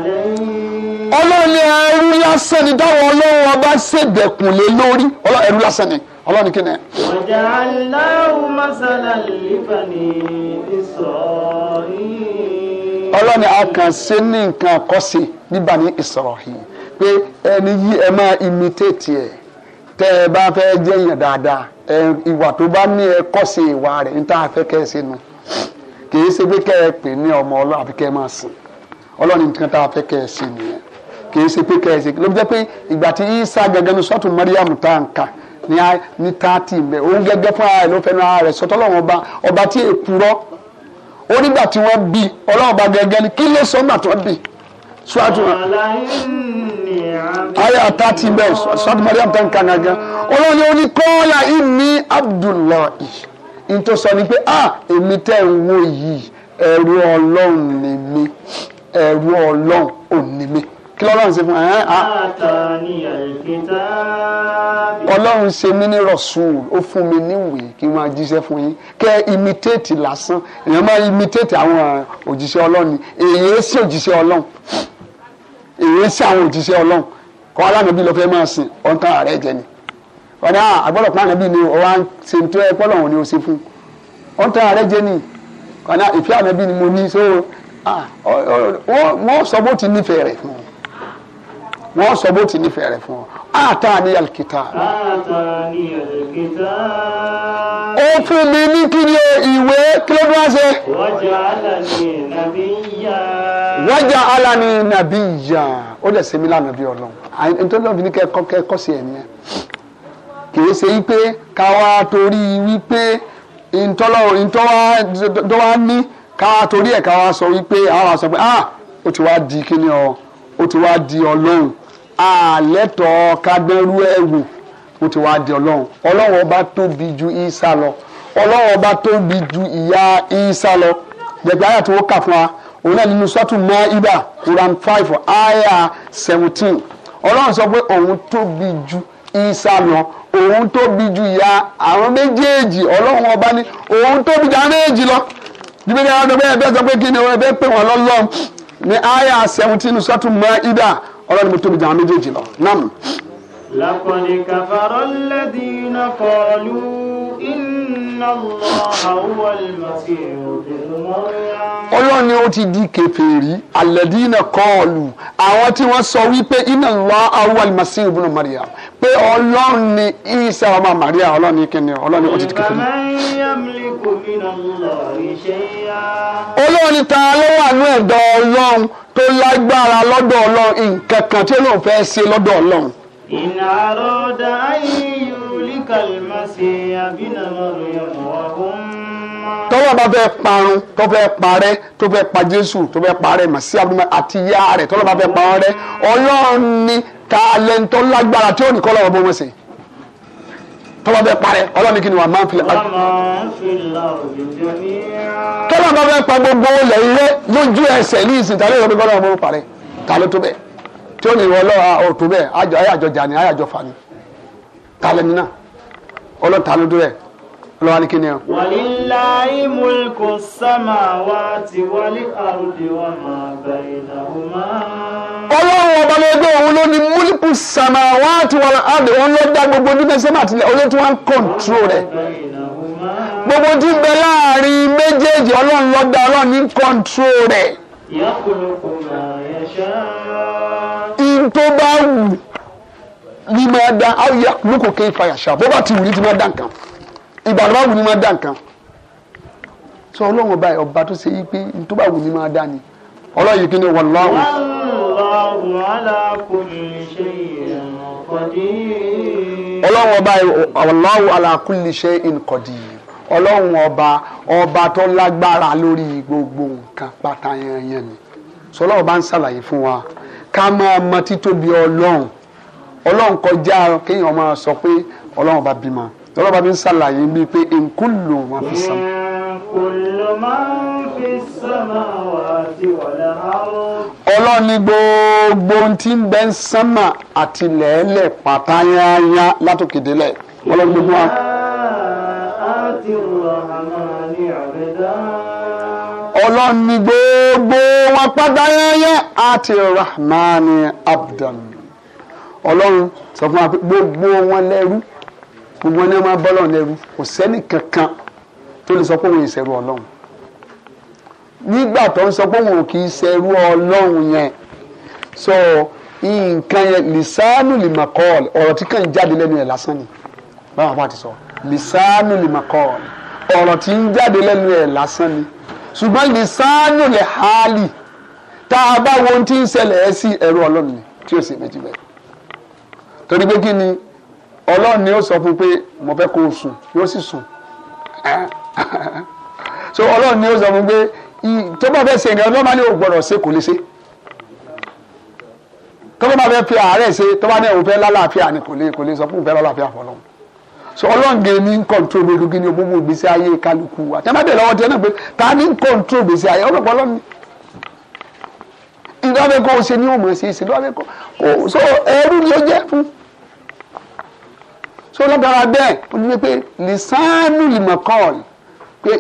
rẹ. ọlọ́ni ẹrú lásán ni dáwọ́ ọlọ́run ọba ṣègbẹ̀kùn lé lórí ẹrú lásán ni ọlọ́ni kí ni. ọ̀jà aláwọ̀ masala lẹ́fàní Isra'il. ọlọ́ni àkànṣe ní nǹkan àkọ́sí nígbà ní Isra'il pé ẹni yí ẹ máa imitate ẹ tẹ́ ẹ bá fẹ́ jẹ́yàn dáadáa. ìwà tó bá ní ẹ sí ìwà rẹ̀ ní tá a fẹ́ kẹ́ ẹ sínú kì í ṣe pé kẹ́ ẹ pè ní ọmọ ọlọ́run àfi kẹ́ ẹ máa sìn nìkan tá a Isa gẹ́gẹ́ ní sọ́tún Mariam tá nka ń kà ní tààtì mẹ́ òun gẹ́gẹ́ fún ara rẹ̀ ló fẹ́nu ara rẹ̀ ọba ọba tí èkúrọ́ ó nígbà tí bí ni kí ló sọ bí Mariam tá olóyè oníkọ́ọ́lá ìmí abdullahi ntòsọ ni pé ah èmi tẹ́ ń wo yìí ẹ̀rù ọlọ́run ni mí ẹ̀rù ọlọ́run ò ní mí kí lọ́lọ́run ṣe fún ẹ. Ah. àtàní àìkítà. ọlọ́run ṣe mí ní rọ̀ṣùn ó fún mi níwèé kí n máa jíṣẹ́ fún yín kẹ́ imitate lásán èèyàn máa imitate àwọn òjíṣẹ́ ọlọ́run èèyàn èsì òjíṣẹ́ ọlọ́run èèyàn èsì àwọn òjíṣẹ́ ọlọ́run kọ́ alámọ̀bí lọ́ọ́ fẹ́ máa sìn ọ̀ǹtàn ààrẹ jẹ ni ọ̀dà àgbọ̀dọ̀ ah, pàánà bíi ni ọ̀wá ń ṣe tó ẹ pọ́lọ̀ òun ni ó ṣe fún ọ̀n tán ààrẹ jẹ́ ni ọ̀dà ah, ìfẹ́ àná bíi ni mo ní so ah, wọ́n sọ bó ti nífẹ̀ẹ́ rẹ̀ fún ọ wọ́n sọ bó ti nífẹ̀ẹ́ rẹ̀ fún ọ àtà ni àlùkìtà. àtà ni àlùkìtà. ó fún mi ní kí ni ìwé kí ló dún àṣẹ. wájà alani nàbí yá. wájà alani nàbí yá ó dẹ̀ sẹ́mi lánàá bí ọlọ́run nítorí lọ́ọ̀bì ní kẹ́kọ́ sí ẹ̀mí ẹ̀ kìí ṣe wípé káwa torí wípé ntọ́lọ́wọ́ ntọ́wá ní káwa torí ẹ̀ káwa sọ wípé àwa sọ pé ah ó ti wá di kíni ọ ó ti wá di ọlọ́run àlẹ́tọ̀ọ́ kágbẹ́rú ẹ̀ wò ó ti wá di ọlọ́run ọlọ́run ọba tóbi ju ìsà lọ ọlọ́run ọba tóbi ju ìyá ìsà lọ gbẹgbẹ àyà tí wọ́n kà fún wa òun náà nínú sọ́tù Máídà Quran five àyà seventeen ọlọ́run sọ pé òun tóbi ju ìsà lọ òun tóbi ju ìyá àwọn méjèèjì ọlọ́run ọba ní òun tóbi ju àwọn méjèèjì lọ níbi ní àwọn ọdún bẹ́ẹ̀ sọ pé kí ni wọ́n bẹ́ẹ̀ pè wọ́n lọ́lọ́ ní àyà seventeen sọ́tún mọ́ ìdá ọlọ́run mo tóbi ju àwọn méjèèjì lọ náà. لقد كفر الذين قالوا إن الله هو المسيح ابن ni ó ti di kèfèrí alẹ́dínà kọ́ọ̀lù àwọn tí wọ́n sọ wípé iná lọ́ àwọn almasihu ibn Maryam pé ọlọ́run ni isa ọmọ maria ọlọ́run ni kíni ọlọ́run ni ó ti di kẹfẹ́ olórin ta ló wà ní ẹ̀dọ̀ ọlọ́run tó lágbára lọ́dọ̀ ọlọ́run nǹkan kan tí olóhùn fẹ́ ṣe lọ́dọ̀ ọlọ́run. ìnàró da ayé yorùlí kàlùmọ́sẹ̀ àbínàmọ́rẹ̀ ọ̀hún. tọ́wọ́ bá fẹ́ parun tó fẹ́ parẹ́ tó fẹ́ pa jésù tó fẹ́ parẹ́ màsí àbúrò àti ìyá rẹ̀ tọ́wọ́ bá fẹ́ parun rẹ̀ ọlọ́run ni ta lẹ́ńtọ́ lágbára tí ó nìkọ́ lọ́wọ́ bó wọ́n sè tọ́lá bẹ́ẹ̀ parẹ́ ọlọ́ni kí ni wà máa ń filẹ̀ pa. tọ́lá bá bẹ́ẹ̀ pa gbogbo ilẹ̀ ilé lójú ẹsẹ̀ ní ìsìn tàbí ìrọ̀bí gbọ́dọ̀ ọmọ parẹ́ ta ló tó bẹ́ẹ̀ tí ó ní ìwọ ọlọ́wà òtún bẹ́ẹ̀ ayé àjọjà ni ayé àjọfà ni ta náà ọlọ́ta ló tó lọ́wọ́ ní kí ni o. walillahi mulku samawati wal ardi wa ma bainahuma. ọlọ́run ọba lẹ́gbẹ́ òun ló ní mulku samawati wal ardi òun ló dá gbogbo nígbà sẹ́mà tilẹ̀ òun ló tún wá ń kọ̀ǹtró rẹ̀ gbogbo tí ń bẹ láàrin méjèèjì ọlọ́run ló dá ọlọ́run ní kọ̀ǹtró rẹ̀. yakhluqu ma yasha. ìtò bá wù ní máa dá àwọn yakhluqu kayfa yasha bó ti wù ní ìgbà tó bá wù ní máa dá nǹkan sọ ọlọ́run ọba ọba tó ṣe yí pé tó bá wù ní máa dá ni ọlọ́run yìí kí ni wallahu. wallahu ala kulli shay'in qadir. ọlọ́run ọba wallahu ala kulli shay'in qadir ọlọ́run ọba ọba tó lágbára lórí gbogbo nǹkan pátá yanyan ni sọlọ́run bá ń ṣàlàyé fún wa ká máa mọ títóbi ọlọ́run ọlọ́run kọjá kéèyàn máa sọ pé ọlọ́run ọba bímọ tọ́lọ́ bá mi ń ṣàlàyé mi pé nkúlù máa fi sàn. nkúlù máa fi sàmà wá sí wàlẹ̀ àrùn. ọlọ́ni gbogbo tí ń bẹ ń sánmà àti lẹ́ẹ̀lẹ̀ pátá yáyá látòkè délẹ̀ gbogbo wa. àti rahmani gbogbo wọn pátá yáyá àti rahmani abdan ọlọ́run sọ fún wa pé gbogbo wọn lẹ́rú gbogbo ní ọmọ bọ́lọ̀ lẹ́rú kò sẹ́ni kankan tó lè sọ pé òun ìṣẹ̀rú ọlọ́run nígbà tó ń sọ pé òun kì í ṣẹ̀rú ọlọ́run yẹn so nǹkan yẹn lisanu limakol ọ̀rọ̀ tí kàn jáde lẹ́nu ẹ̀ lásán ni báwọn bá ti sọ lisanu limakol ọ̀rọ̀ tí ń jáde lẹ́nu ẹ̀ lásán ni ṣùgbọ́n lisanu lè hali tá a bá wo ohun tí ń ṣẹlẹ̀ ẹ́ sí ẹ̀rú ọlọ́run ni tí ò sì méjì bẹ́ẹ̀ torí pé kí ni ọlọ́run ni ó sọ fún pé mo fẹ́ kó o sùn yóò sì sùn [laughs] so ọlọ́run ni ó sọ fún pé tó bá fẹ́ ṣe nǹkan tó bá ní o gbọ́dọ̀ ṣe kò lè ṣe tó bá fẹ́ fi àárẹ̀ ṣe tó bá ní òun fẹ́ lálàáfíà ni kò lè kò lè sọ fún òun fẹ́ lálàáfíà fọlọ́run so ọlọ́run gẹ̀ ní kọ́ńtró gbogbo kí ni gbogbo ìgbésí ayé kálukú wa tẹ́ bá bẹ̀rẹ̀ lọ́wọ́ tiẹ̀ náà pé ta ní kọ́ńtró ìgbésí ayé ọlọ́pàá ọlọ́run ni ìdọ́wẹ́kọ̀ ṣe ní òmùrẹ́sì ìṣèlú ọ̀wẹ́kọ̀ so ẹrú ni ó jẹ́ fún so lágbára bẹ́ẹ̀ ó ní pé lisanu limakol pé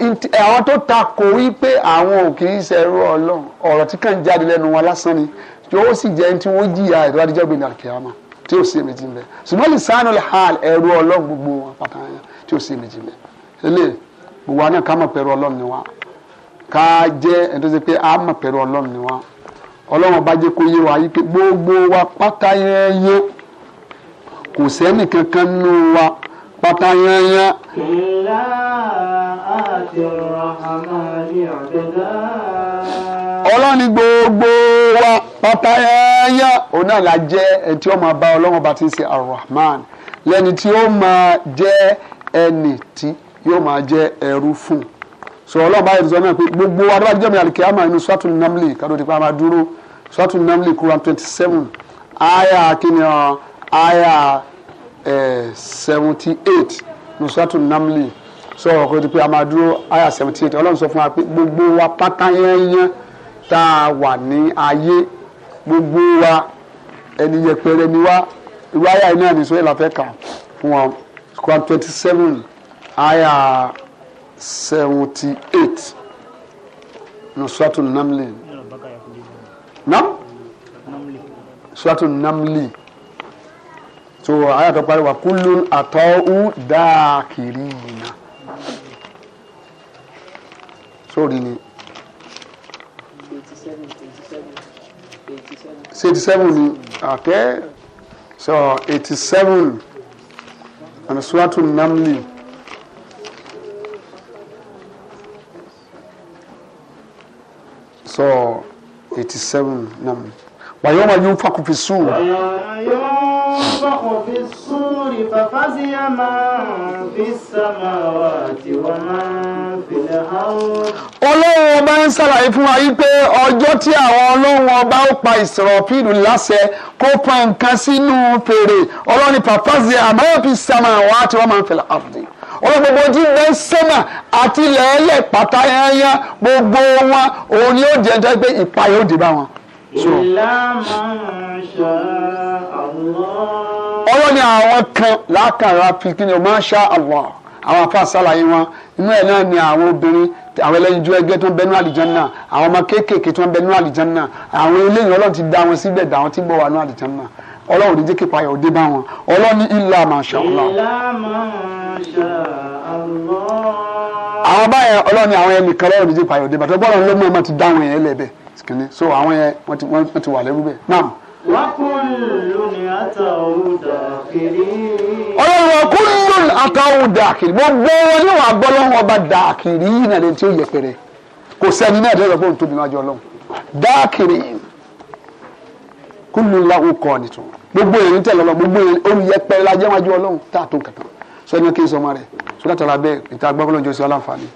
àwọn tó ta wí pé àwọn ò kì í ṣẹrú Ọlọ́run ọ̀rọ̀ tí kàn jáde lẹ́nu wọn lásán ni yóò sì jẹ ẹni tí wọn jìyà ẹ̀dọ́ adijọ́ gbé ní alikiyama tí ó sì èméjì ń bẹ ṣùgbọ́n lisanu hal ẹrú Ọlọ́run gbogbo wọn pátá yẹn tí ó sì èméjì ń bẹ eléyìí gbogbo àná ká mọ̀ pẹ̀lú Ọlọ́run ni wa ká jẹ́ ẹni tó ṣe pé a mọ̀ pẹ̀lú Ọlọ́run ni wa Ọlọ́run bá jẹ́ kó yé wa yí pé gbogbo wa pátá yẹn yé kò sẹ́ni kankan nù wa pátá yányá. ìlà àti rahmani abdulá. ọlọ́ni gbogbo wa pátá yányá òun náà la jẹ́ ẹni tí ó máa bá ọlọ́run bá ti ń ṣe arahman lẹ́ni tí ó máa jẹ́ ẹni tí yóò máa jẹ́ ẹrú fún un so báyìí ti sọ náà pé gbogbo adábàjẹ́ jẹ́mi alikiyama inú sọ́tún namli kádó ti pa máa dúró sọ́tún namli kúrò twenty seven aya kìnìún aya seventy eight nusratu namli sọ ọkọ ti pé a máa dúró aya seventy eight ọlọ́run sọ fún wa pé gbogbo wa pátá yányán tá a wà ní ayé gbogbo wa ẹni yẹpẹrẹ ni wa irú aya yìí náà ní sọ èlà fẹ́ kà fún wa Quran twenty seven aya seventy eight nusratu namli. Nam? Suratu Namli so àyà tó parí wa kúlù àtọ́ ú dáàkiri So sórí ni eighty seven ni àtẹ́ so eighty seven and suwatu namli. so eighty-seven namli. yawma yunfaku fi sur ينفخ في الصور ففزع من في السماوات ومن في الأرض. Ọlọ́run ọba ń ṣàlàyé fún wa wípé ọjọ́ tí àwọn ọlọ́run ọba ó pa ìsọ̀rọ̀fíìlù láṣẹ kó pa nǹkan sínú fèrè ọlọ́run pàpàṣẹ àmọ́ fi sàmà wá tí wọ́n máa ń fẹ̀lẹ̀ àfọ̀dé ọlọ́run gbogbo tí ń bẹ sẹ́mà àti lẹ́ẹ̀lẹ̀ pátá yányá gbogbo wọn òun ni ó jẹ́ nítorí pé ìpayà ó wọn. ìlànà ṣáà ọlọ́run ni àwọn kan lákàrà fi kí ni o masha Allah àwọn afa sàlàyé wọn inú ẹ̀ náà ni àwọn obìnrin àwọn ẹlẹ́yinjú ẹgbẹ́ tó ń bẹnu àlìjánná àwọn ọmọ kéékèèké tó ń bẹnu àlìjánná àwọn eléyìí ọlọ́run ti dá wọn síbẹ̀ dá wọn tí ń bọ̀ wà ní àlìjánná ọlọ́run ní jẹ́ payọ̀ dé bá wọn ọlọ́run ní ilà masha Allah. àwọn báyẹn ọlọ́run ní àwọn ẹnìkan ọlọ́run ní jẹ́ payọ̀ dé bá tó bọ́ọ̀lù ló mọ̀ ọ́n ti dá wọn yẹn lẹ́bẹ̀ẹ́ so àwọn yẹn wọ́n ti wà lẹ́rú bẹ́ẹ̀ náà ọlọ́run ọkùnrin àtàwọn dàkìrì gbogbo wọn ni wàá gbọ́ lọ́wọ́ ọba dàkìrì yìí nàlẹ́ tí ó yẹ pẹ̀rẹ̀ kò sẹ́ni náà dẹ́rẹ́ fóun tóbi máa jọ lọ́wọ́ dàkìrì kúlù làwọn kọ́ ni tó gbogbo èyí tẹ̀lé ọlọ́run gbogbo èyí olùyẹpẹ̀rẹ̀ la jẹ́ wájú ọlọ́run tá a tó kankan sọ́ni kí n sọ ma rẹ̀ sọ́dọ̀ tàbí abẹ́ ìta gbọ́ fọlọ́njọ́ sí aláǹfààní